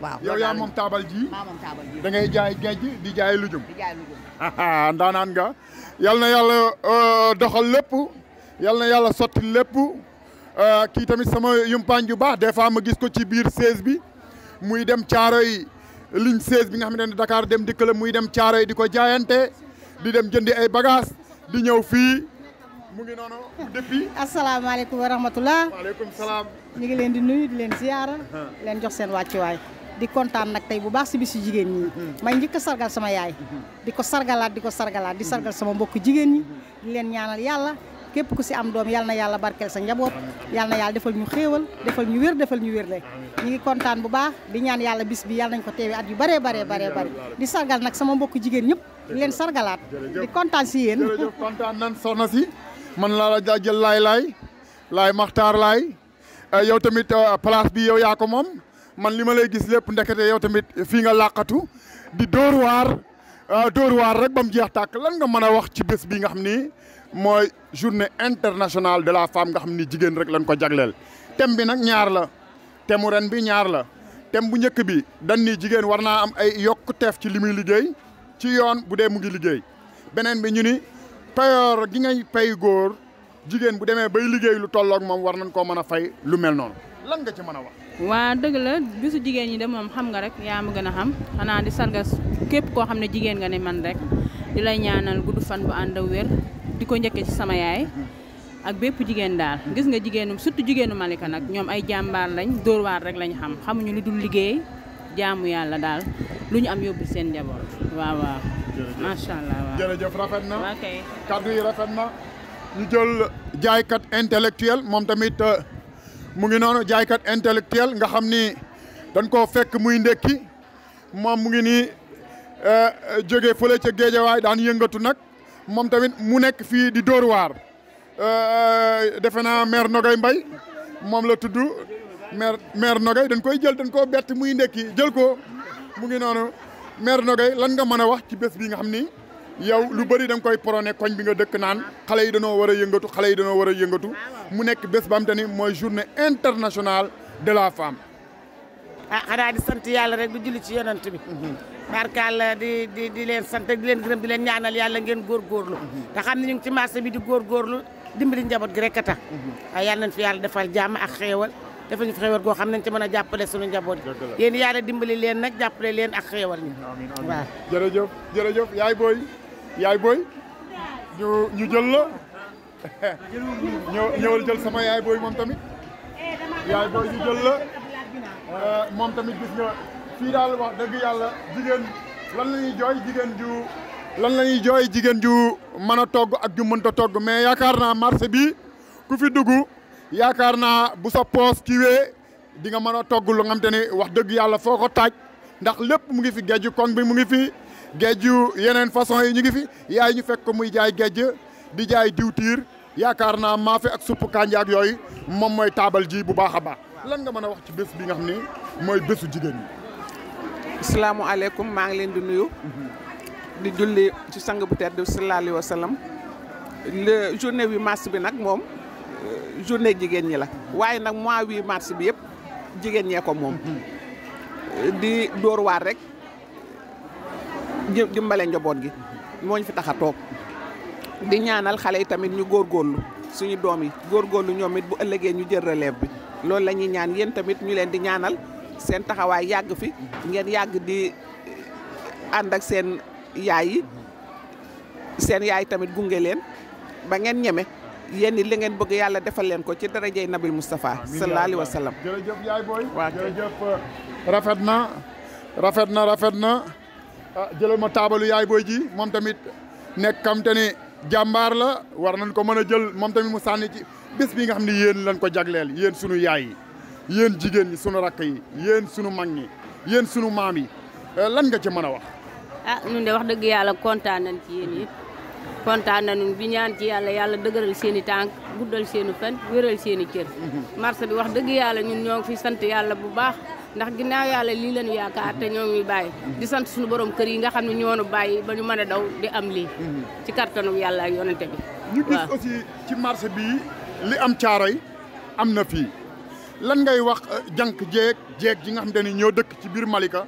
S3: waaw yow ya
S10: mom
S1: tabal ji. ma mom tabal ji da ngay jaay géej di jaay lujum. di jaay lujum. ndaanaan nga yal na yàlla euh, doxal lépp yal na yàlla lepp lépp euh, kii tamit sama yum panju baax des fois ma gis ko ci biir 16 bi muy dem caaro yi ligne 16 bi nga xamante Dakar dem dikk muy dem caaro yi di jaayante di dem jëndi
S3: ay bagage di ñëw fi Assalamualaikum warahmatullah. noonu depuis. asalaamaaleykum wa ngi di nuyu di uh-huh. jox di bu baax si bisu jigéen ñi. Uh-huh. may sargal sama yaay. Uh-huh. di ko di di sargal sama mbokk jigéen ñi. di leen ñaanal yàlla képp ku si am doom yal na yàlla barkeel sa njaboot. yal na yàlla defal ñu xéewal defal ñu wér defal ñu ngi bu baax di ñaan bis bi nañ ko at yu di sargal nag sama mbokk jigéen ñëpp di leen
S1: di nan man la la jël lay lay lay maktar lay eh, yow tamit eh, place bi yow ya ko mom man lima lay gis lepp ndekete yow tamit fi nga laqatu di door war eh, door war rek bam mana jeex tak lan nga meuna wax ci bes bi nga xamni moy journée internationale de la femme nga xamni jigen rek lan ko jaglel tem bi nak ñaar la temu ren bi ñaar la tem bu njëkk bi dañ ni jigen warna am ay yokkuteef ci limuy liggey ci yoon bu mu ngi liggey benen bi ñuni payoor gi ngay pay góor jigen bu luto bay liggéey lu tollok mom war nañ ko mën fay lu mel non lan nga ci mën
S7: wax. wa deug la bisu jigen ñi dem mom xam nga rek ya ma gëna xam xana di sarga kep ko xamne jigen nga ne man rek di ñaanal gudd fan bu ànd ak diko ñëkke ci sama yaay. ak bépp jigen daal gis nga jigenum surtout jigenu Malika nak ñom ay jambar lañ door waar rek lañ xam ñu lu dul liggéey jaamu yalla daal luñu am seen waaw waaw.
S1: macha jërëjëf rafet na. kaddu rafet na. jël jaaykat intellectuel moom tamit euh, mu ngi noonu jaaykat intellectuel nga xam ni dañ koo fekk muy ndekki moom mu ngi nii euh, euh, jóge fële ca géejawaay daan yëngatu nag moom tamit mu nekk fii di Dóor waar defe na maire Nogay Mbay moom la tudd maire maire Nogay dañ koy jël dañ koo bett muy ndekki jël ko mu ngi noonu. maire Nogaye lan nga mën a wax ci bés bi nga xam ni yow lu bari da koy prôné koñ bi nga dëkk naan xale yi dañoo war a yëngatu xale yi dañoo war a yëngatu mu nekk bés ba am te mooy journée internationale de la femme. ah xanaa sant yàlla rek di
S2: julli ci yonent bi. barkaal di di leen sant di leen gërëm di leen ñaanal yàlla ngeen góorgóorlu. te xam ne ñu ngi ci marché bi di góor góorgóorlu dimbali njaboot gi rek a tax. Mhm. Ah, yàlla nañ fi yàlla defal jàmm ak xéewal. defuñu ñu xéewal goo xam ci mëna a suñu njabot yeen yéen dimbali leen nak
S1: jappalé leen ak xéewal ñi waaw jërëjëf jërëjëf yaay boy yaay boy ñu ñu jël la ñëw ñëwal jël sama yaay boy mom tamit
S6: yaay boy ñu jël la euh,
S1: mom tamit gis nga fi dal wax dëgg yàlla jigen lan lañuy joy jigen ju lan lañuy joy jigen ju mëna a togg ak ju mënta togg mais yaakaar marché bi ku fi duggu yakarna bu sa poos kiwee di nga mën a lu nga xam te wax deug yalla foko taj ndax lepp mu ngi fi géeju koŋ bi mu ngi fi géeju yenen façon yi ñu ngi fi yaay ñu fekk ko muy jaay géej di jaay diwtiir yakarna ma maafe ak suppu kanja ak yoy mom moy table ji bu baax ba lan nga mën wax ci bés bi nga xamni moy mooy bésu jigéen
S6: assalamu alaykum ma ngi leen di nuyu. di julli ci sang bu tedd sallallahu alayhi wasallam le journée wi mars bi nak mom journée jigen ñi la waye nak mois 8 mars bi yépp jigen ko mom di dorwarek waar rek dimbale njobot gi moñ fi tax di ñaanal xalé tamit ñu gorlu suñu doom yi góorgóorlu ñoom it bu ëllëgé ñu jël relève bi lool lañuy ñaan yeen tamit ñu leen di ñaanal seen taxaway yàgg fi ngeen yàgg di and ak seen yaay yi seen yaay tamit gungé leen ba ngeen ñëmé yéen li ngeen bëgg yàlla defal leen ko ci darajay nabil
S10: Moustapha sallallahu alayhi wa sallam
S1: jërëjëf yaay booy waa jërëjëf rafet na rafet na rafet na ah, jëlal ma taabalu yaay booy ji moom tamit nekk xam te ni jàmbaar la war nañ ko mën a jël moom tamit mu sànni ci bés bi nga xam ne yéen lañ ko jagleel yéen sunu yaay yi yéen jigéen ñi sunu rakk yi yéen sunu mag ñi yéen sunu maam yi eh, lan nga ci mën a wax
S7: ah ñun de wax dëgg yàlla kontaan nañ ci yéen yëpp kontaan nañu bi ñaan ci yàlla yàlla dëgëral seen i tànk guddal seen i fan wéral seen i cër. marché bi wax dëgg yàlla ñun ñoo fi sant yàlla bu baax ndax ginnaaw yàlla lii lañu yaakaar te ñoo ngi bàyyi. di sant suñu borom kër yi nga xam ne ñoo nu bàyyi ba ñu mën a daw di am lii. ci kattanu yàlla ak yonente bi.
S1: ñu gis aussi ci marché bii li am caaroy am na fii lan ngay wax euh, jànk jeeg jeeg ji nga xam ne ñoo dëkk ci biir Malika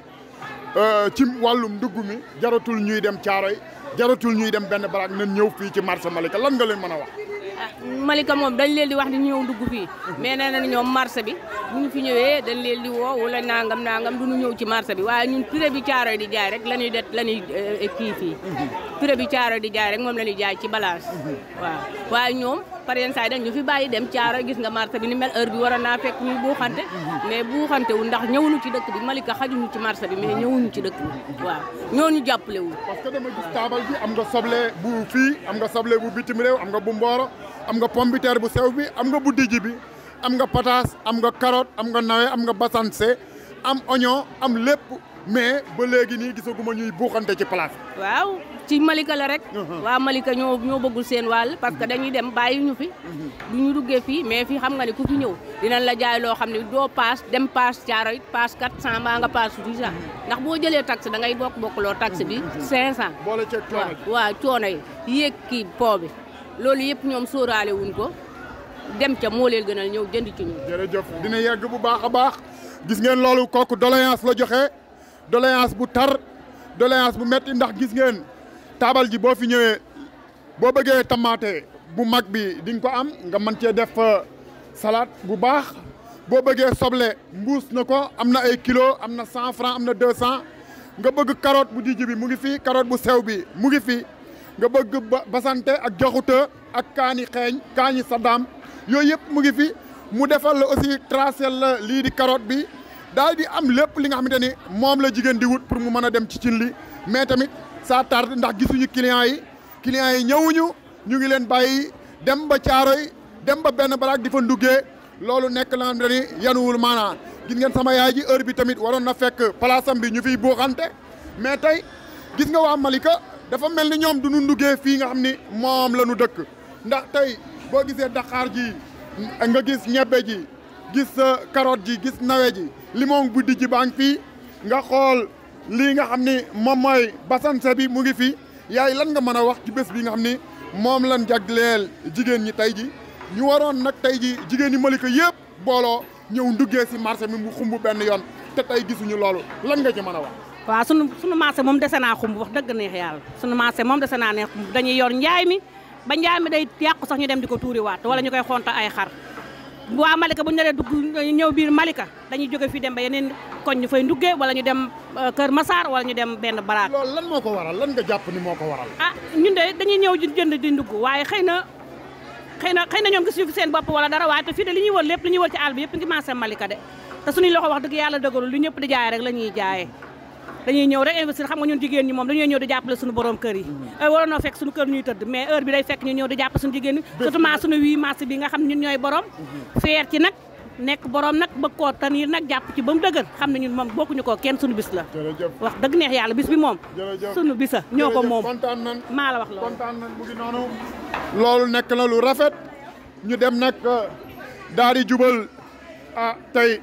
S1: euh, ci wàllum ndugg mi jaratul ñuy dem caaroy. jaratul ñuy dem benn baraag nañ ñëw fii ci marché Malika lan nga leen mën a wax.
S7: Ah, Malika moom dañ leen di wax ni ñëw dugg fii. mais nee na ñoom marché bi bu ñu fi ñëwee dañ leen di woo wala nangam nangam du nu ñëw ci marché bi waa ñun pire bi caaro di jaay rek la ñuy det la ñuy eh, kii fii. Mhm. prix bi caaro di jaay rek moom la ñuy jaay ci balance. Mhm. waaw waaye par yenn saa yi dañ ñu fi bàyyi dem caaro gis nga marché bi ni mel heure bi waroon naa fekk ñuy buuxante mais buuxante wu ndax ñëwuñu ci dëkk bi Malika xajuñu ci marché bi mais ñëwuñu ci dëkk bi waaw
S1: ñooñu jàppale wu parce que dama gis taabal bi am nga soble bu fii am nga soble bu bitim réew am nga bu mbooro am nga pombiteer bu sew bi am nga bu dijji bi am nga pataas am nga carotte am nga nawe am nga basanse am oignon am lépp mais ba léegi nii gisaguma ñuy buuxante ci place
S7: ci Malika la rek. Uh-huh. waa Malika ñoo ñoo bëggul seen wàll parce que dañuy dem bàyyi ñu fi. du
S1: uh-huh.
S7: ñu duggee fii mais fii xam nga ne ku fi ñëw dinañ la jaay loo xam ne doo paas dem paas Thiaroye paas 400 mbaa nga paas 800 uh-huh. ndax boo jëlee taxe dangay ngay bokk bokkuloo taxe bi 500. boole ceeb coono yi waaw waaw coono yéeg kii po bi loolu yëpp ñoom sóoraale wuñ ko dem ca moo leen gënal ñëw jënd
S1: ci ñun. jërëjëf dina yegg bu baax a baax gis ngeen loolu kooku doléance la joxe doléance bu tar doléance bu metti ndax gis ngeen. taabal ji boo fi ñëwee boo bëggee tamaate bu mag bi di ko am nga mën cee def euh, salaat bu baax boo bëggee soble mbuus na ko am na ay kilo am na cent franc am na deux cent nga bëgg karoot bu dijj bi mu ngi fi karoot bu sew bi mu ngi fi nga bëgg basante ak jaxuta ak kaani xeeñ kaani saddaam yooyu yëpp mu ngi fi mu defal la aussi tracé la lii di karoot bi daal di am lépp li nga xamante ni moom la jigéen di wut pour mu mën a dem ci cin li mais tamit ça tarde ndax gisuñu clients yi clients yi ñëwuñu ñu ngi leen bàyyi dem ba Caaroy dem ba benn baraag di fa nduggee loolu nekk la nga ni yanuwul maanaa gis ngeen sama yaay ji heure bi tamit waroon na fekk palaasam bi ñu fiy buuxante mais tey gis nga waa Malika dafa mel ni ñoom du ñu nduggee fii nga xam ni moom la ñu dëkk ndax tey boo gisee daxaar ji nga gis ñebbe ji gis euh, carotte ji gis nawe ji limon bu dijji baa ngi fii nga xool lii nga xam ni moom mooy basanse bi mu ngi fi yaay lan nga mën a wax ci bés bi nga xam ni moom lan jagleel jigéen ñi tey ji ñu waroon nag tey ji jigéen ñi Malika yëpp booloo ñëw nduggee si marché mi mu xumb benn yoon te tey gisuñu loolu lan nga ci mën a
S7: wax. waa sunu sunu marché moom dese naa xumb wax dëgg neex yàlla sunu marché moom dese naa neex xumb dañuy yor njaay mi ba njaay mi day yàqu sax ñu dem di ko tuuriwaat wala ñu koy xonta ay xar. waa Malika bu ñu naree dugg ñëw biir Malika dañuy jóge fii dem ba yeneen koñ ñu fay ndugge wala ñu dem euh, Kër Massar wala ñu dem benn baraak. loolu lan moo ko waral lan nga jàpp ni moo ko waral. ah ñun de dañuy ñëw jënd di ndugg waaye xëy na xëy na xëy na ñoom gisuñu seen bopp wala dara waaye te fii de li ñuy wër lépp li ñuy wër ci àll bi yëpp ngi marché Malika de te suñuy loxo wax dëgg yàlla dëgërul li ñëpp di jaay rek la ñuy dañuy ñëw rek investir xam nga ñun jigéen ñi moom dañuy ñëw di jàppale suñu borom kër yi euh, waroon na fekk suñu kër ñuy tëdd mais heure bi day fekk ñu ñëw di jàppale suñu jigéen ñi surtout suñu 8 mars bi nga xam ñun ñooy borom mhm. feer ci nag nekk borom nag bëgg koo tanir nag jàpp ci ba mu dëgër xam ne ñun moom bokkuñu ko kenn suñu bis la
S1: wax dëgg neex yàlla bis bi moom suñu bisa ñoo ko moom maa la wax loolu kontaan nan mu ngi noonu loolu nekk na lu rafet ñu dem nag euh, daal di jubal ah tey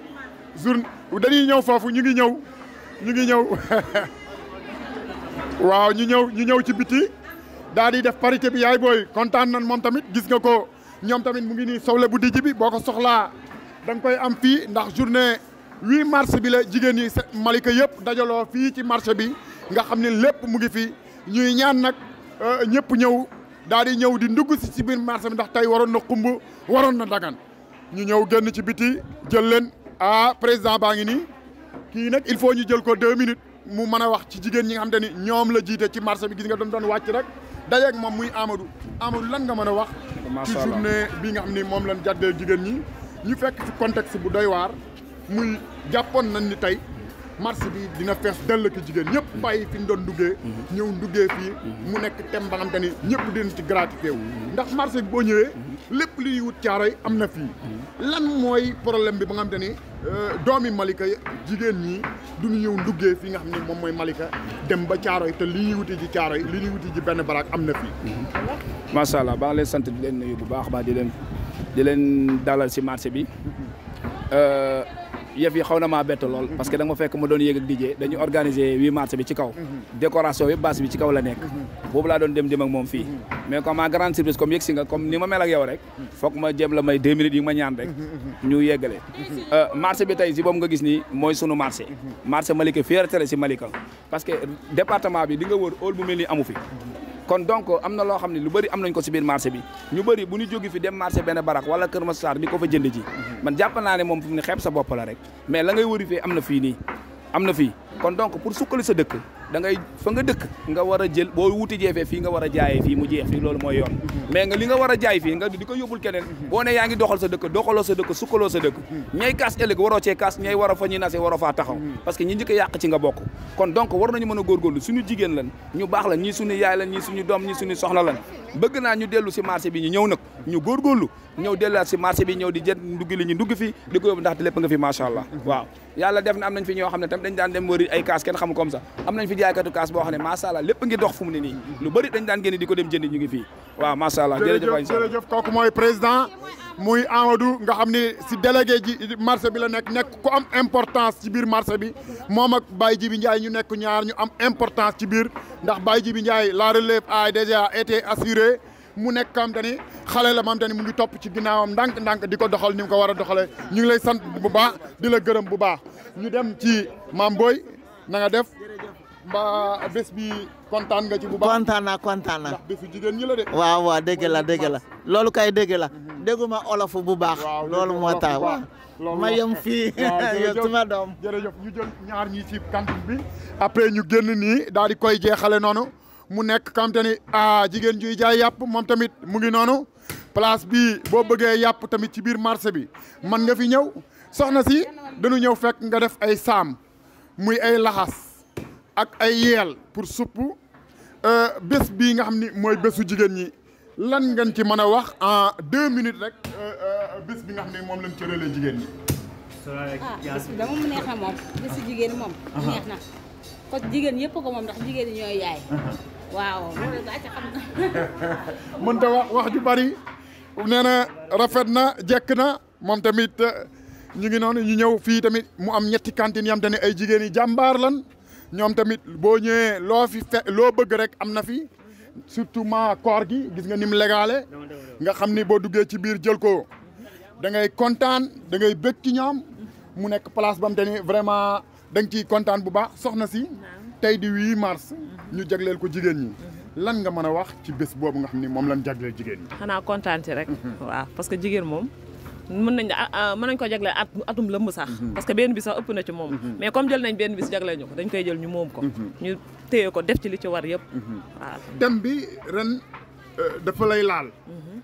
S1: jour dañuy ñëw foofu ñu ngi ñëw ñu ngi ñëw waaw ñu ñëw ñu ñëw ci biti daal di def parité bi yaay booy kontaan nan moom tamit gis nga ko ñoom tamit mu ngi nii soble bu dijj bi boo ko soxlaa da koy am fii ndax journée 8 mars bi la jigéen ñi Malika yëpp dajaloo fii ci marché bi nga xam ne lépp mu ngi fi ñuy ñaan nag euh, ñëpp ñëw daal di ñëw di ndugg si ci biir marché bi ndax tey waroon na xumb waroon na dagan ñu ñëw génn ci biti jël leen ah président baa ngi nii. kii nag il faut ñu jël ko deux minutes mu mën a wax ci jigéen ñi nga xam te ni ñoom la jiite ci marché bi gis nga doon doon wàcc rek dajeeg moom muy Amadou Amadou lan nga mën a wax. ci journée bi nga xam ni moom lan jàddee jigéen ñi. ñu fekk ci contexte bu day waar muy jàppoon nañ ni tey. marché bi dina fees dell ki jigéen ñëpp bàyyi fi ñu doon duggee ñëw nduggee fii mu nekk thème ba xam te ni ñëpp dinañ ci gratifié wu ndax marché bi boo ñëwee lépp luy wut caaroy am na fii lan mooy problème bi ba nga xam te ni euh, doomi Malika jigéen ñi duñu ñëw nduggee fii nga xam ne moom mooy Malika dem ba caaroy te li ñuy wuti ji yi li ñuy wuti ji benn baraak am na fii
S10: macha allah baa leen sant di leen nuyu bu baax baa di leen di leen dalal si marché bi euh, yëf yi xaw na maa bett lool parce que da nga ma fekk ma doon yéeg ak DJ dañu organiser 8 mars bi ci kaw décoration bi base bi ci kaw la nekk boobu laa doon dem dem ak moom fii mais comme ma grande surprise comme yëg si nga comme ni ma mel ak yow rek foog ma jéem la may deux minutes yi ma ñaan rek ñu yeggale euh, marché bi tey si boobu nga gis ni mooy sunu marché marché Malika fierté la si Malika parce que département bi di nga wër óol bu mel ni amu fi kon donc am na loo xam ne lu bari am nañ ko si biir marché bi ñu bëri bu ñu jóge fi dem marché benn barak wala Kër Massar di ko fa jënd ji mhm. man jàpp moom fu mu ne xeeb sa bopp rek mais la ngay wëri fee am na fii nii am na fi kon donc pour sukkali sa dëkk dangay ngay fa nga dëkk nga war a jël boo wuti jeefee fii nga war a jaayee fii mu jeex fii loolu mooy yoon mais nga li nga war a jaay fii nga di ko yóbbul keneen boo ne yaa ngi doxal sa dëkk doxaloo sa dëkk sukkaloo sa dëkk ñay kaas ëllëg waroo cee kaas ñay war a fa ñuy nase waroo faa taxaw parce que ñi njëkk yàq ci nga bokk kon donc war nañu mën a góorgóorlu suñu jigéen lan ñu baax lan ñii suñu yaay lan ñii suñu doom ñii suñu soxna lan bëgg naa ñu dellu si marché bi ñu ñëw nag ñu góorgóorlu ñow delluwaat si marché bi ñëw di jënd ndugg li ñu ndugg fi di ko yóbbu ndax fi macha allah mm-hmm. waaw yàlla def na am nañ fi ñoo xam ne tamit dañ daan dem wëri ay kaas kenn xamu comme ça am nañ fi jaaykatu kaas boo xam ne macha allah lépp ngi dox fu mu nii lu bëri dañ daan génn di ko dem jëndi ñu ngi waaw macha allah jërëjëf jërëjëf kooku mooy président muy Amadou nga xam ne si
S1: délégué ji marché bi la nekk nekk ku am importance ci marché bi moom ak Baye Jibi Ndiaye ñu nekk ñaar ñu am importance ci biir ndax Baye Jibi Ndiaye la relève a déjà été assurée mu nekk am te ni xale la moom te ni mu ngi topp ci ginnaawam ndànk-ndànk di ko doxal ni mu ko war a doxalee ñu ngi lay sant bu baax di la gërëm bu baax ñu dem ci maam booy na def
S6: mbaa bés bi kontaan nga ci bu baax naa kontaan naa jigéen ñi la waaw waaw dégg la dégg la loolu kay dégg la mhm. dégguma olof bu baax. loolu moo tax waaw. ma yem fii yow suma
S1: doom ñu jël ñaar ñi ci kantin bi après ñu génn nii daal di koy jeexale noonu. mu nekk xam te ni ah jigéen juy jaay yàpp moom tamit mu ngi noonu place bi boo bëggee yàpp tamit ci biir marché bi man nga fi ñëw soxna si dañu ñëw fekk nga def ay saam muy ay laxas ak ay yeel pour supp euh, bés bii nga xam ni mooy bésu jigéen ñi lan ngeen ci mën a wax en deux minutes rek euh, euh, bés bi nga xam ne moom lañ cëralee jigéen ñi.
S7: Ah, ko jigéen yëpp ko moom ndax jigéen ñi ñooy yaay. waaw loolu la xam na.
S1: mënta wax wax ju bari rafet na na tamit eh, ñu ngi ñu tamit mu am ñetti cantine yam te ne ay jigéen yi jàmbaar lan ñoom tamit boo ñëwee loo fi fe loo bëgg rek am na fi surtout ma koor gi gis nga ni mu légaale nga xam ni boo ci biir jël ko da ngay kontaan da ngay bëgg ci ñoom mu nekk place bam te vraiment. dañ nga ciy kontaan bu baax soxna si. tey di 8 mars. Mhm. ñu jagleel ko jigéen ñi. Mhm. lan nga mën a wax ci bés boobu nga xam ni moom lan jagleel jigéen ñi.
S11: xanaa kontaan ci rek. Mhm. waaw parce que jigéen moom. mën nañ ah, ah, mën nañ ko jagleel at atum lëmb sax parce que benn bi sax ëpp na ci moom mais comme jël nañ benn bis jagleel ñu ko dañ koy jël ñu moom ko ñu téye ko def ci li ci war yëpp waaw bi ren
S1: dafa lay laal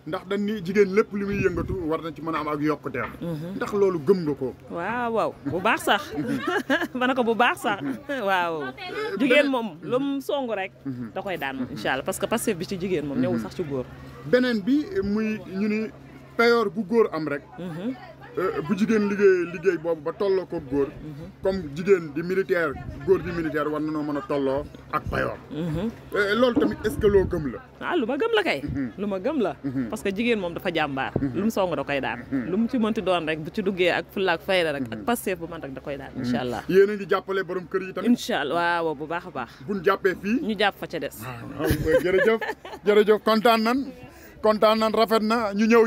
S1: ndax dañ ni jigéen lépp li muy yëngatu war na ci mën a am ak yokkuteem ndax loolu gëm nga ko
S11: waaw waaw bu baax sax ma ne ko bu baax sax waaw jigéen moom lu mu song rek da koy daan incha allah parce que Pastef bi ci jigéen moom ñëwul sax
S1: ci góor beneen bi muy ñu ni payoor bu góor am rek mhm. Euh, bu jigéen liggéey liggéey boobu ba tolloo ko góor comme jigéen di militaire góor di militaire
S11: war nanoo mën a tolloo ak payoor mhm. euh, loolu tamit est-ce que loo gëm la ah lu ma gëm la kay mhm. lu ma gëm la mhm. parce que jigéen moom dafa jàmbaar lu mu song da koy daan lu mu ci mënti doon rek bu ci duggee ak fulla fay fayda rek ak pasteef bu man rek da koy daan incha allah yéen a ngi jàppale borom kër yi tamit incha
S1: allah waaw bu baax a baax buñ jàppee fii ñu jàpp fa ca des ah, na ñu ñëw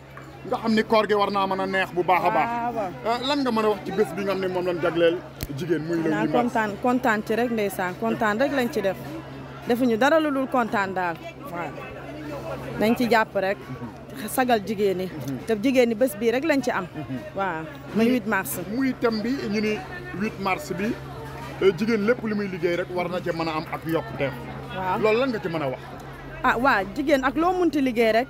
S1: nga xamni koor gi warna mëna neex bu baaxa baax ah, eh, lan nga mëna wax ci bëss bi nga xamni ne lañ jaglél jigen muy la kontaan
S9: kontaan ci rek ndeysaan kontaan rek lañ ci def defuñu dara lu dul daal nañ ci japp rek sagal jigen ni mhm. te jigen ni bëss bi rek lañ ci am mhm. waaw muy 8 mars muy tam bi ñu ni 8 mars bi eh, jigen lepp limuy liggéey
S1: rek warna ci mëna am ak def waaw lool lan nga ci mëna wax
S9: ah waaw jigen ak loo munti liggéey rek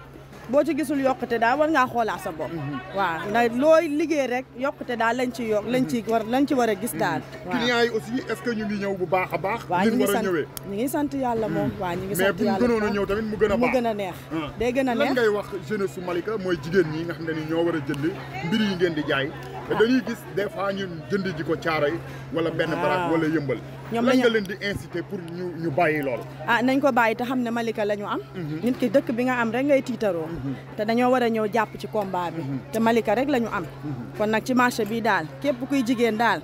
S9: boo ci gisul yokkute daal war ngaa xoolaat sa bopp. Mhm. waaw ndax looy liggéey rek yokkute daal lañ ci yokk lañ ci war lañ ci war a gis daal. Mhm. waaw clients aussi est que ñu ngi ñëw bu baax a baax. waaw ñu ngi sant ñu ngi sant yàlla moom. Mhm. waa ñu ngi sant yàlla mais bu ñu a ñëw tamit mu gën a baax mu gën a neex. Ah. day gën a neex lan ngay
S1: wax jeunesse su Malika mooy jigéen ñi nga xam ne ni ñoo war a jënd mbir yi ngeen di jaay te dañuy gis des fois ñun jënd ko caaray wala benn baraak ah. wala yëmbal ñoom lan nga leen di inciter pour ñu ñu bàyyi
S9: ah, te ne Malika la ñu am mhm. nit dëkk bi nga am rek ngay tiitaroo mhm. te dañoo war a ñëw jàpp ci combat bi mhm. te Malika rek la ñu kon nag ci marché bi daal képp kuy jigéen daal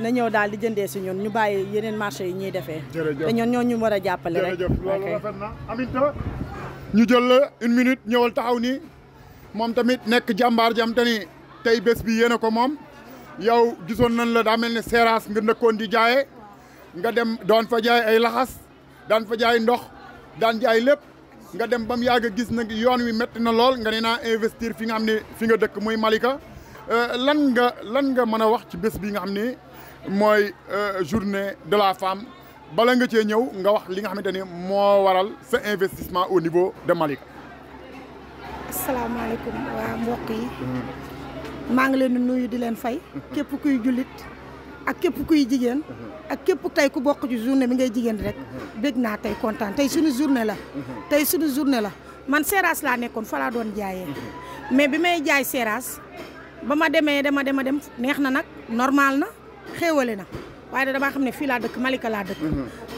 S9: na ñëw daal di si ñun ñu bàyyi yeneen marché yi ñuy defee te ñun ñoo ñu war a jàppale rek jërëjëf loolu rafet na ñu jël la une
S1: minute taxaw ni moom tamit nekk jàmbaar jam te ni tay bes bi yéen yau ko mom yow gison nan la da melni seras nga nekkon di jaaye nga dem don fa jaay ay lahas daan fa jaay ndokh daan jaay lepp nga dem ba mu yàgg gis yoon wi metti na lol nga dina investir fi nga xam fi nga dekk moy Malika euh, lan nga lan nga meuna wax ci bes bi nga xam moy euh, journée de la femme bala nga ci ñew nga wax li nga xamante ne moo waral sa investissement au niveau de Malika.
S3: alaykum wa mbokk yi. Mm. maa ngi leen di nuyu di leen fay. képp kuy jullit ak képp kuy jigéen. ak képp tey ku bokk ju journée bi ngay jigéen rek. bég naa tey kontaan tey suñu journée la. tey suñu journée la man Seras laa nekkoon fa laa doon jaaye mais bi may jaay Seras ba ma demee dama dema dem neex na nag normal na xéewale na. waaye da damaa xam ne fii laa dëkk Malika laa dëkk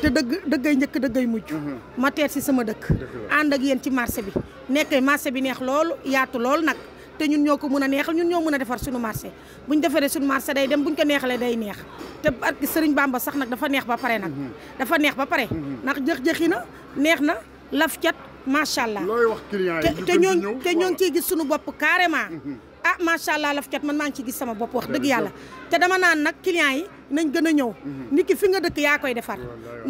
S3: te dëgg dëggay njëkk dëggay mujj ma teer si sama dëkk ànd ak yéen ci marché bi nekkee marché bi neex loolu yaatu lool nag te ñun ñoo ko mën a neexal ñun ñoo mën a defar suñu marché buñ defaree suñu marché day dem buñ ko neexalee day neex te barki Sëriñ Bamba sax nag dafa neex ba pare nag mhm. dafa neex ba pare mhm. ndax jëx-jëxi na neex na laf cat macha allah looy wax client te ñoo te ñoo ngi ciy gis suñu bopp carrément mhm. a ah, macha allah laf cet man maa ngi ciy gis sama bopp wax dëgg yàlla te dama naan nag client yi nañ gën a ñëw nit ki fi nga dëkk yaa koy defar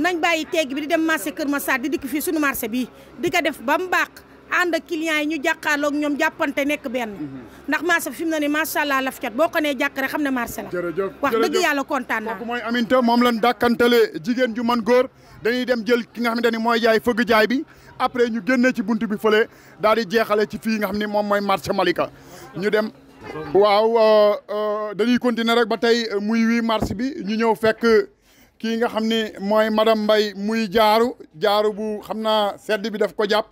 S3: nañ bàyyi teeg bi di dem marché Kër Massar di dikk fii suñu marché bi di ko def ba mu baax ànd ak clients yi ñu jàkkaarloog ñoom jàppante nekk benn mhm. ndax marché fi mu ne ni macha allah laf cat boo ko nee jàkk rek xam ne marché la wax dëgg yàlla kontaan naa
S1: mooy Aminta moom lañ dàkkantale jigéen ju man góor dañuy dem jël ki nga xamante ni mooy jaay fëgg jaay bi après ñu génnee ci bunt bi fële daal di jeexale ci fii nga xam ni moom mooy marché Malika ñu dem waaw euh, euh, dañuy continuer rek ba tey muy 8 mars bi ñu ñëw fekk kii nga xam ni mooy madame mbay muy jaaru jaaru bu xam naa sedd bi def ko jàpp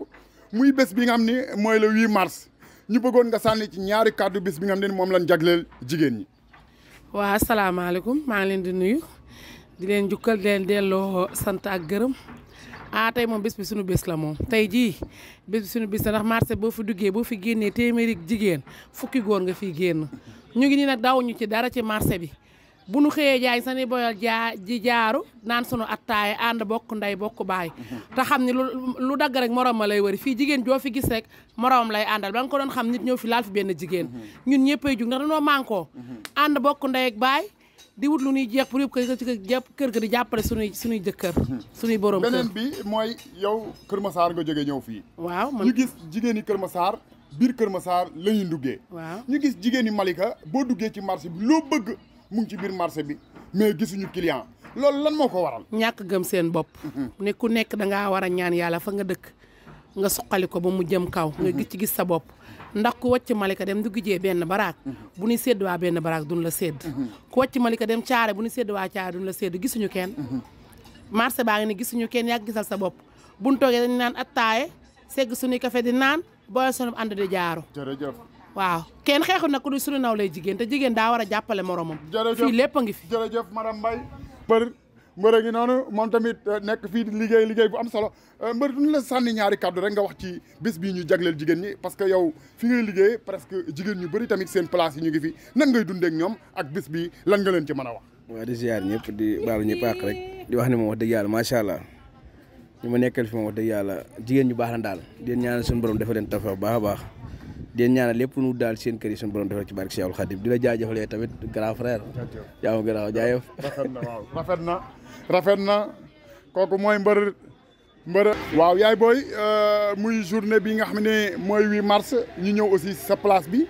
S1: muy bés bi nga xam ni mooy la 8 mars ñu bëggoon nga sànni ci ñaari kàddu bés bi nga xam ne moom lañ jagleel jigéen ñi.
S8: waaw asalaamaaleykum maa ngi leen di nuyu di leen njukkal di delloo sant ak gërëm ah tey moom bés bi suñu bés la moom tey jii bés bi suñu bés la ndax marché boo fi duggee boo fi génnee téeméeri jigéen fukki góor nga fi génn ñu ngi nii nag daawuñu ci dara ci marché bi. bu nu xëyee jaay sani boyal jaa ji jaaru naan sunu attaaya ànd bokk nday bokk baay te xam ni lu dagg rek morom ma lay wari fii jigéen joo fi gis rek moroom lay àndal ba nga ko doon xam nit ñëw fi laal fi benn jigéen ñun ñëppay jug ndax dañoo mànkoo ànd bokk ndey baay di wut lu ñuy jeex pour yëpp kër ga kër ga di jàppale sunuy sunuy jëkkër sunuy borom kër beneen bi mooy
S1: yow Kër Massar nga jógee ñëw fii waaw man ñu gis jigéen yi Kër Massar biir Kër ma la ñuy duggee. waaw ñu gis jigéeni Malika boo duggee ci marché bi loo bëgg mu ngi ci biir marché bi mais gisuñu client loolu lan
S8: moo ko waral. ñàkk gëm seen bopp. Mhm. ne ku nekk da ngaa war a ñaan yàlla fa nga dëkk. nga suqali ko ba mu jëm kaw. nga mhm. gis ci gis sa bopp. ndax ku wàcc Malika dem du gijee benn baraag. Mhm. bu ñuy sédd waa benn baraag duñ la sedd ku wàcc Malika dem caare bu ñuy sédd waa caare duñ la sédd gisuñu kenn. marché baa ngi ne gisuñu kenn yàgg gisal sa bopp buñ toogee dañ naan attaaye segg suñuy café di naan booyal sunu ànd di jaaro jërëjëf waaw kenn xeexu nag ku du sunu naw lay jigéen te jigéen daa war a jàppale moromam fii lépp a ngi fi jërëjëf madame Mbaye mbër
S1: mbër noonu moom tamit eh, nekk fii di liggéey liggéey bu am solo eh, mbër duñu la sànni ñaari kàddu rek nga wax ci bis bii ñu jagleel jigéen ñi parce que yow fi ngay liggéey presque jigéen ñu bëri tamit seen place yi ñu ngi fi nan ngay dundeek ñoom ak bis bi lan nga leen ci mën a wax
S10: waaw di ziar ñëpp di baalu ñëpp àq rek di wax ne moom dëgg yàlla macha allah ñu ma nekkal fi moom wax dëgg yàlla jigéen ñu baax na daal di leen ñaanal suñu borom defal leen taw baax a baax di ñaana ñaanal lépp nu daal seen kër yi suñu borom defal ci barke Cheikhul Khadim la jaajëfalee tamit grand frère. yaa ma gën a jaajëf.
S1: rafet na waaw rafet na rafet na kooku mooy mbër mbër. waaw yaay booy euh, muy journée bi nga xam ne mooy 8 mars ñu ñëw aussi sa place bi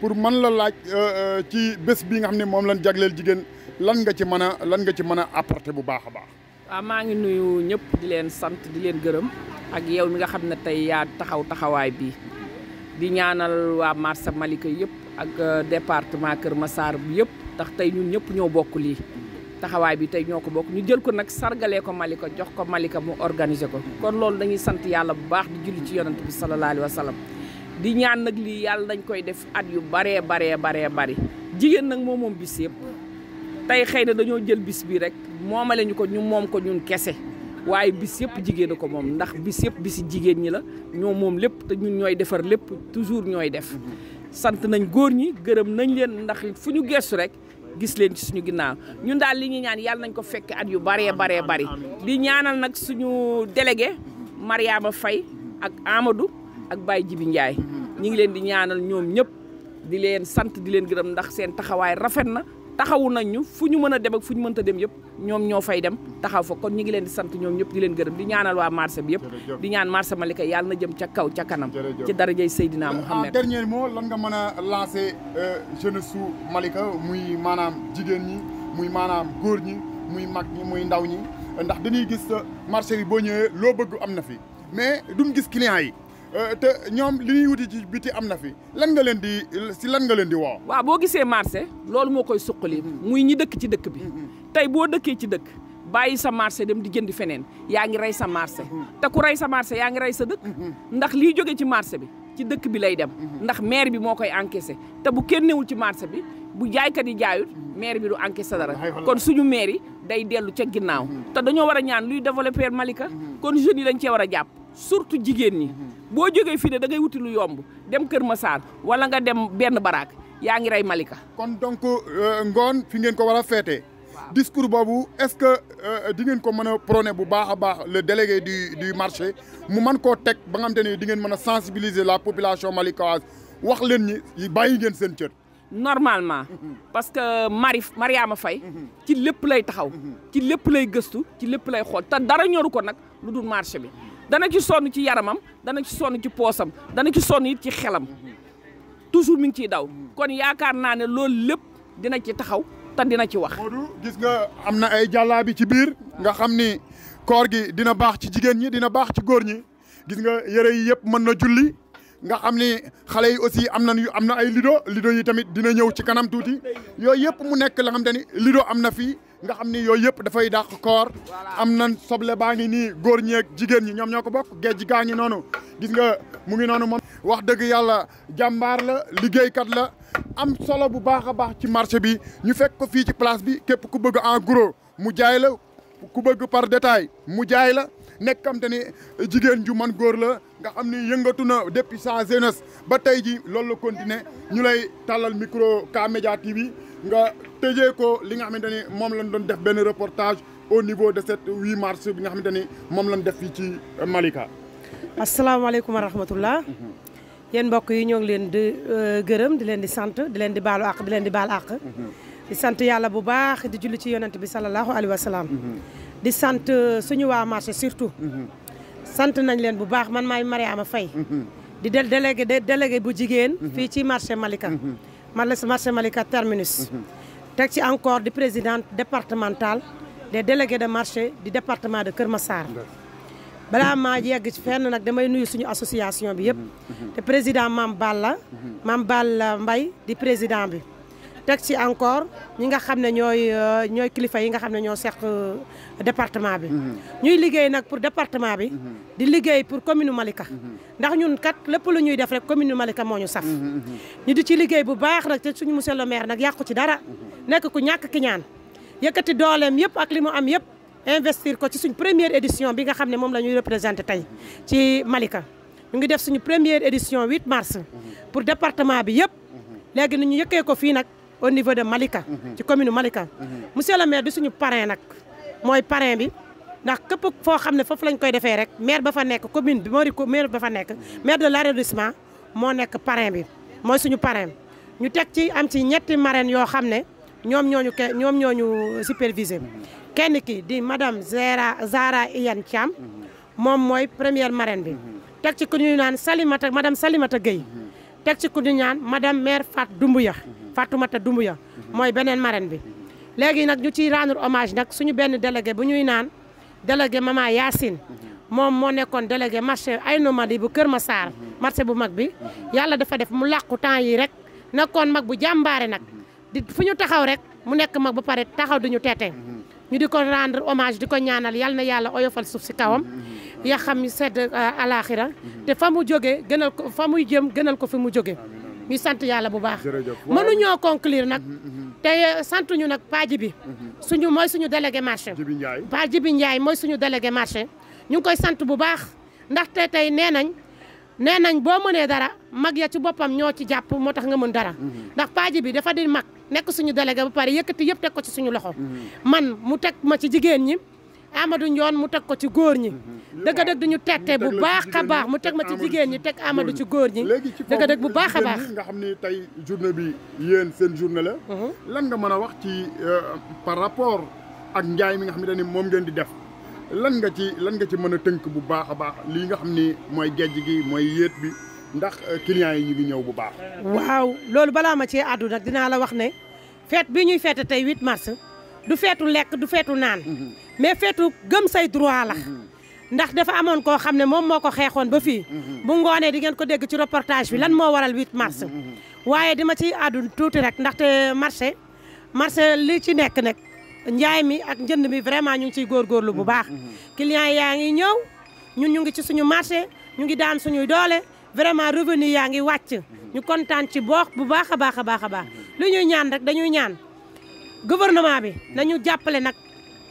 S1: pour man la laaj euh, euh, ci bés bi nga xam ne moom lañ jagleel jigéen lan nga ci mën a lan nga ci mën a apporter bu baax a baax.
S11: waaw ah, maa ngi nuyu ñëpp di leen sant di leen gërëm ak yow mi nga xam ne tey yaa taxaw taxawaay bi di ñaanal waa marché Malika yëpp ak euh, departement Kër Massar bi yëpp ndax tey ñun ñëpp ñoo bokk lii taxawaay bi tey ñoo ko bokk ñu jël ko nag sargalee ko Malika jox ko Malika mu organiser ko kon loolu dañuy sant yàlla bu baax di julli ci yonent bi sallallahu alayhi wa di ñaan nag lii yàlla dañ koy def at yu baree baree baree bari jigéen nag moo moom bis yëpp tey xëy na dañoo jël bis bii rek moomale ñu ko ñu moom ko ñun kese waaye bis yëpp jigéen ko moom ndax bis yëpp bisi jigéen ñi la ñoom moom lépp te ñun ñooy defar lépp toujours ñooy def sant nañ góor ñi gërëm nañ leen ndax fu ñu gestu rek gis leen ci suñu ginnaaw ñun daal li ñuy ñaan yàlla nañ ko fekk at yu baree baree bari di ñaanal nag suñu délégué Mariama Faye ak aamadu ak Baye Jibi Ndiaye ñi ngi leen di ñaanal ñoom ñëpp di leen sant di leen gërëm ndax seen taxawaay rafet na taxawu nañ ñu fu ñu mën a dem ak fu ñu mënta dem yëpp ñoom ñoo fay dem taxaw fa kon ñu ngi leen di sant ñoom ñëpp di leen gërëm di ñaanal waa marché bi yëpp di ñaan marché Malika yàlla na jëm ca kaw ca kanam ci darajay Seydina euh, Mouhamed dernier
S1: mot lan nga mën a lancé euh, jeunesse su Malika muy maanaam jigéen ñi muy maanaam góor ñi muy mag ñi muy ndaw ñi ndax dañuy gis marché bi boo ñëwee loo bëgg am na fi mais duñ gis client
S11: yi Euh, te ñoom li ñuy wuti ci biti am na fi lan nga leen di si lan nga leen di woo. waaw boo gisee marché loolu moo koy suqali muy ñi dëkk ci dëkk bi mm-hmm. tey boo dëkkee ci dëkk bàyyi sa marché dem di jëndi feneen yaa ngi rey sa marché mm-hmm. te ku rey sa marché yaa ngi rey sa dëkk mm-hmm. ndax liy jóge ci marché bi ci dëkk bi lay dem ndax maire bi moo koy encaissé te bu kennewul ci marché bi bu jaaykat yi jaayut maire bi du encaissé dara kon suñu maire yi day dellu ca ginnaaw te dañoo war a ñaan luy développer Malika kon jeunes yi dañ cee war a jàpp surtout jigéen ñi boo jógee fii ne da ngay wuti lu yomb dem Kër Massar wala nga dem benn baraak yaa ngi rey Malika. kon donc euh, ngoon fi ngeen ko war a feetee. discours boobu est-ce que
S1: euh, di ngeen ko mën a prôné bu baax a baax le délégué di du marché mu mën koo teg ba nga xamante ne di ngeen mën a sensibiliser la population malikawaas wax leen ñi yi ngeen seen cër.
S11: normalement mhm. parce que mari Mariama Faye mhm. ci lépp lay taxaw mhm. ci lépp lay gëstu ci lépp lay xool te dara ñoru ko nag lu dul marché bi dana ci sonn ci yaramam dana ci sonn ci poosam dana ci sonn yit ci xelam toujours mi ngi ciy daw kon yaakaar naa ne loolu lépp dina ci taxaw te dina ci wax. Modou
S1: gis nga am na ay jàllaabi ci biir nga xam ni koor gi dina baax ci jigéen ñi dina baax ci góor ñi gis nga yëre yi yëpp mën na julli. nga am ni xale yi aussi am nañu am na ay lido lido yi tamit dina ñëw ci kanam tuuti yooyu yëpp mu nekk la xam te ni lido am na fii nga xam ni yooyu yëpp dafay dàq koor am na soble baa ngi nii góor ñeek jigéen ñi ñoom ñoo ko bokk géej gaa ngi noonu gis nga mu ngi noonu moom wax dëgg yàlla jàmbaar la liggéeykat la am solo bu baax a baax ci marché bi ñu fekk ko fii ci place bi képp ku bëgg en gros mu jaay la ku bëgg par détail mu jaay la nekk xam te jigéen ju man góor la nga am ni yëngatu na depuis sa jeunesse ba tey ji loolu la continuer ñu lay tàllal micro ka media TV nga tëjee ko li nga xamante ni moom lañ doon def benn reportage au niveau de cette 8 mars bi nga xamante ni moom lañ def fii ci Malika.
S4: asalaamaaleykum wa rahmatullah yéen mbokk yi ñoo ngi leen di euh, gërëm di leen di sant di leen di baalu àq di leen di baal àq. di sant yàlla bu baax di julli ci yonent bi sallallahu alayhi wa salaam. Mhm. di sant euh, suñu waa marché surtout. Mhm. sant nañ leen bu baax man maay Mariama Faye di del délégué délégué bu jigen fi ci marché Malika man la marché Malika terminus tek ci encore di présidente départementale des délégués de marché du département de Kermasar bala ma maa yegg ci fenn nak damay nuyu suñu association bi yépp te président mam Balla mam Balla mbay di président bi teg ci encore ñi nga xam ne ñooy euh, ñooy kilifa yi nga xam ne ñoo seq euh, département bi. Mm-hmm. ñuy liggéey nag pour département bi. Mm-hmm. di liggéey pour commune Malika. Mm-hmm. ndax ñun kat lépp lu ñuy def rek commune Malika moo ñu saf. ñu di ci liggéey bu baax nag te suñu monsieur le maire nag yàqu ci dara. nekk ku ñàkk ki ñaan yëkkati dooleem yëpp ak li mu am yëpp investir ko ci suñ première édition bi nga xam ne moom la ñuy représenté tey ci Malika. ñu ngi def suñu première édition 8 mars pour département bi yëpp léegi ñu yëkkee ko fii nag. au niveau de Malika. la mhm. commune Malika. Mhm. monsieur le maire de parrain parrain bi ndax maire ba fa commune maire maire de l'arrondissement moo parrain bi notre parrain Nous avons ci marraines nous madame Zara Zara Thiam Premier première madame Salimata Gueye mhm. ci madame maire Fat Doumbouya Fatoumata Doumbouya mooy beneen marraine bi léegi nag ñu ciy rendre hommage nag suñu benn délégué bu ñuy naan délégué maman Yacine moom moo nekkoon délégué marché ay nomadi bu Kër Massar marché bu mag bi yàlla dafa def mu làqu temps yi rek nekkoon mag bu jàmbaare nag di fu ñu taxaw rek mu nekk mag ba pare taxaw duñu teete ñu di ko rendre hommage di ko ñaanal yal na yàlla oyofal suuf si kawam ya xam sedd euh, alaxira te fa mu jóge gënal ko fa muy jëm gënal ko fu mu jóge ñu sant yàlla bu baax mënuñoo conclure nag mm-hmm, mm-hmm. te santuñu nag Pa Jibi mm-hmm. suñu mooy suñu délégué marché Pa Jibi Ndiaye mooy suñu délégué marché ñu ngi koy sant bu baax ndaxte tey nee nañ nee nañ boo mënee dara mag ya ci boppam ñoo ci jàpp moo tax nga mën dara ndax Pa Jibi dafa di mag nekk suñu délégué ba pare yëkkati yëpp teg ko ci suñu loxo man mu teg ma ci jigéen ñi Amadou Ndione mu teg ko ci góor ñi mm-hmm. dëgg-dëgg duñu tette bu baax a baax mu teg ma ci jigéen ñi teg Amadou ci góor ñi dëgg-dëgg bu baax a baax
S1: nga xam ni tey journée bi yéen seen journée la mm-hmm. lan nga mën a wax ci euh, par rapport ak njaay mi nga xam ni moom ngeen di def lan nga ci lan ci mën a tënk bu baax a baax lii nga xam ni mooy gejj gi
S4: mooy yéet bi ndax euh, clients yi ñu ngi ñëw bu baax waaw loolu balaa ma cee àddu nag dinaa la wax ne fête bii ñuy fête tey 8 mars du feetu lek du ou nan mais feetu gëm say droit la ndax dafa amone ko xam mom moko xéxone ba fi bu ngone di ngeen ko dégg ci reportage bi lan mo waral 8 mars waaye dima ci adun touti rek té marché marché li ci nek nag njaay mi ak njënd mi vraiment ñu ngi gor góorgóorlu bu baax client yaangi ñew ñun ñu ngi ci suñu marché ñu ngi daan suñuy doole vraiment revenu yaangi wacc ñu kontaan ci boox bu baaxa a baaxa baax lu ñuy ñaan rek dañuy ñaan gouvernement bi na ñu jàppale nag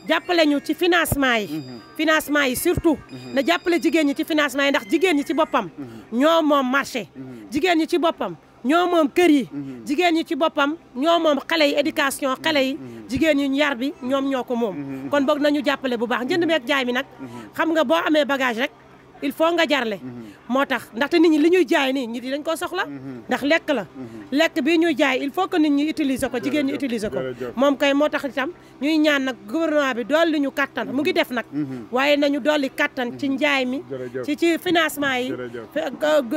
S4: jàppale ñu ci financement yi mhm. financement yi surtout mhm. na jàppale jigéen ñi ci financement yi ndax jigéen ñi ci boppam mhm. ñoo moom marché jigéen ñi ci boppam ñoo moom kër yi jigéen ñi ci boppam ñoo moom xale yi éducation xale yi jigéen ñi yar bi ñoom ñoo ko moom kon boog ñu jàppale bu baax njënd meek jaay mi nag xam nga boo amee bagage rek il faut nga jarle moo tax ndaxte nit ñi li ñuy jaay nii nit yi dañ koo soxla ndax lekk la lekk bi ñuy jaay il faut que nit ñi utiliser ko jigéen ñi utiliser ko moom kay moo tax itam ñuy ñaan nag gouvernement bi dool dolli ñu kattan mu ngi def nag mhm. waaye nañu dool dolli kattan ci mhm. njaay mi ci ci financement yi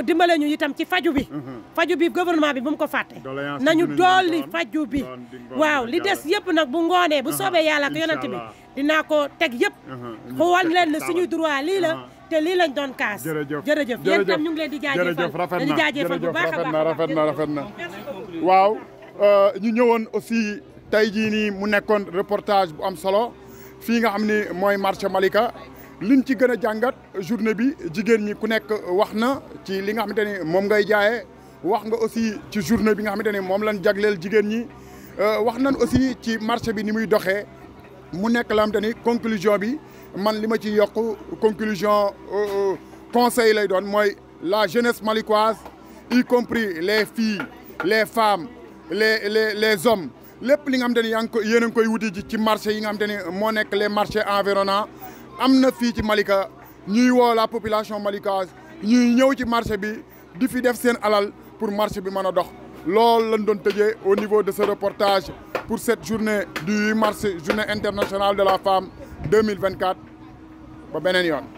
S4: dimbale ñu itam ci faju bi mhm. faju bi gouvernement bi bu mu ko fàtte nañu dolli faju bi waaw li des yëpp nag bu ngoonee bu soobee uh-huh. yàlla ak yonent bi dinaa ko teg yëpp uh-huh. xool leen ne suñu droit lii la uh-huh. te lii lañ doon kaas. jërëjëf jërëjëf yéen tam ñu ngi leen di jaajëfal di jaajëfal bu baax a rafet na rafet na waaw
S1: euh, ñu ñëwoon aussi tey jii nii mu nekkoon reportage bu am solo fii nga xam ni mooy marché Malika liñ ci gën a jàngat journée bi jigéen ñi ku nekk wax na ci li nga xamante ni moom ngay jaayee wax nga aussi ci journée bi nga xamante ni moom lañ jagleel jigéen ñi euh, wax nañ aussi ci marché bi ni muy doxee mu nekk la xamante ni conclusion bi. man li ci conclusion euh, euh, conseil lay doon moy la jeunesse malicoise y compris les filles les femmes les les les hommes lepp li nga am te ne yaa ngi koy wuti ci marché yi nga am mo nek les marchés environnants am na fii ci Malika ñuy wo la population malicoise ñuy ñëw ci marché bi di fi def sen alal pour marché bi mëna dox lool lañ doon au niveau de ce reportage pour cette journée du 8 mars journée internationale de la femme 2024 ba beneen yoon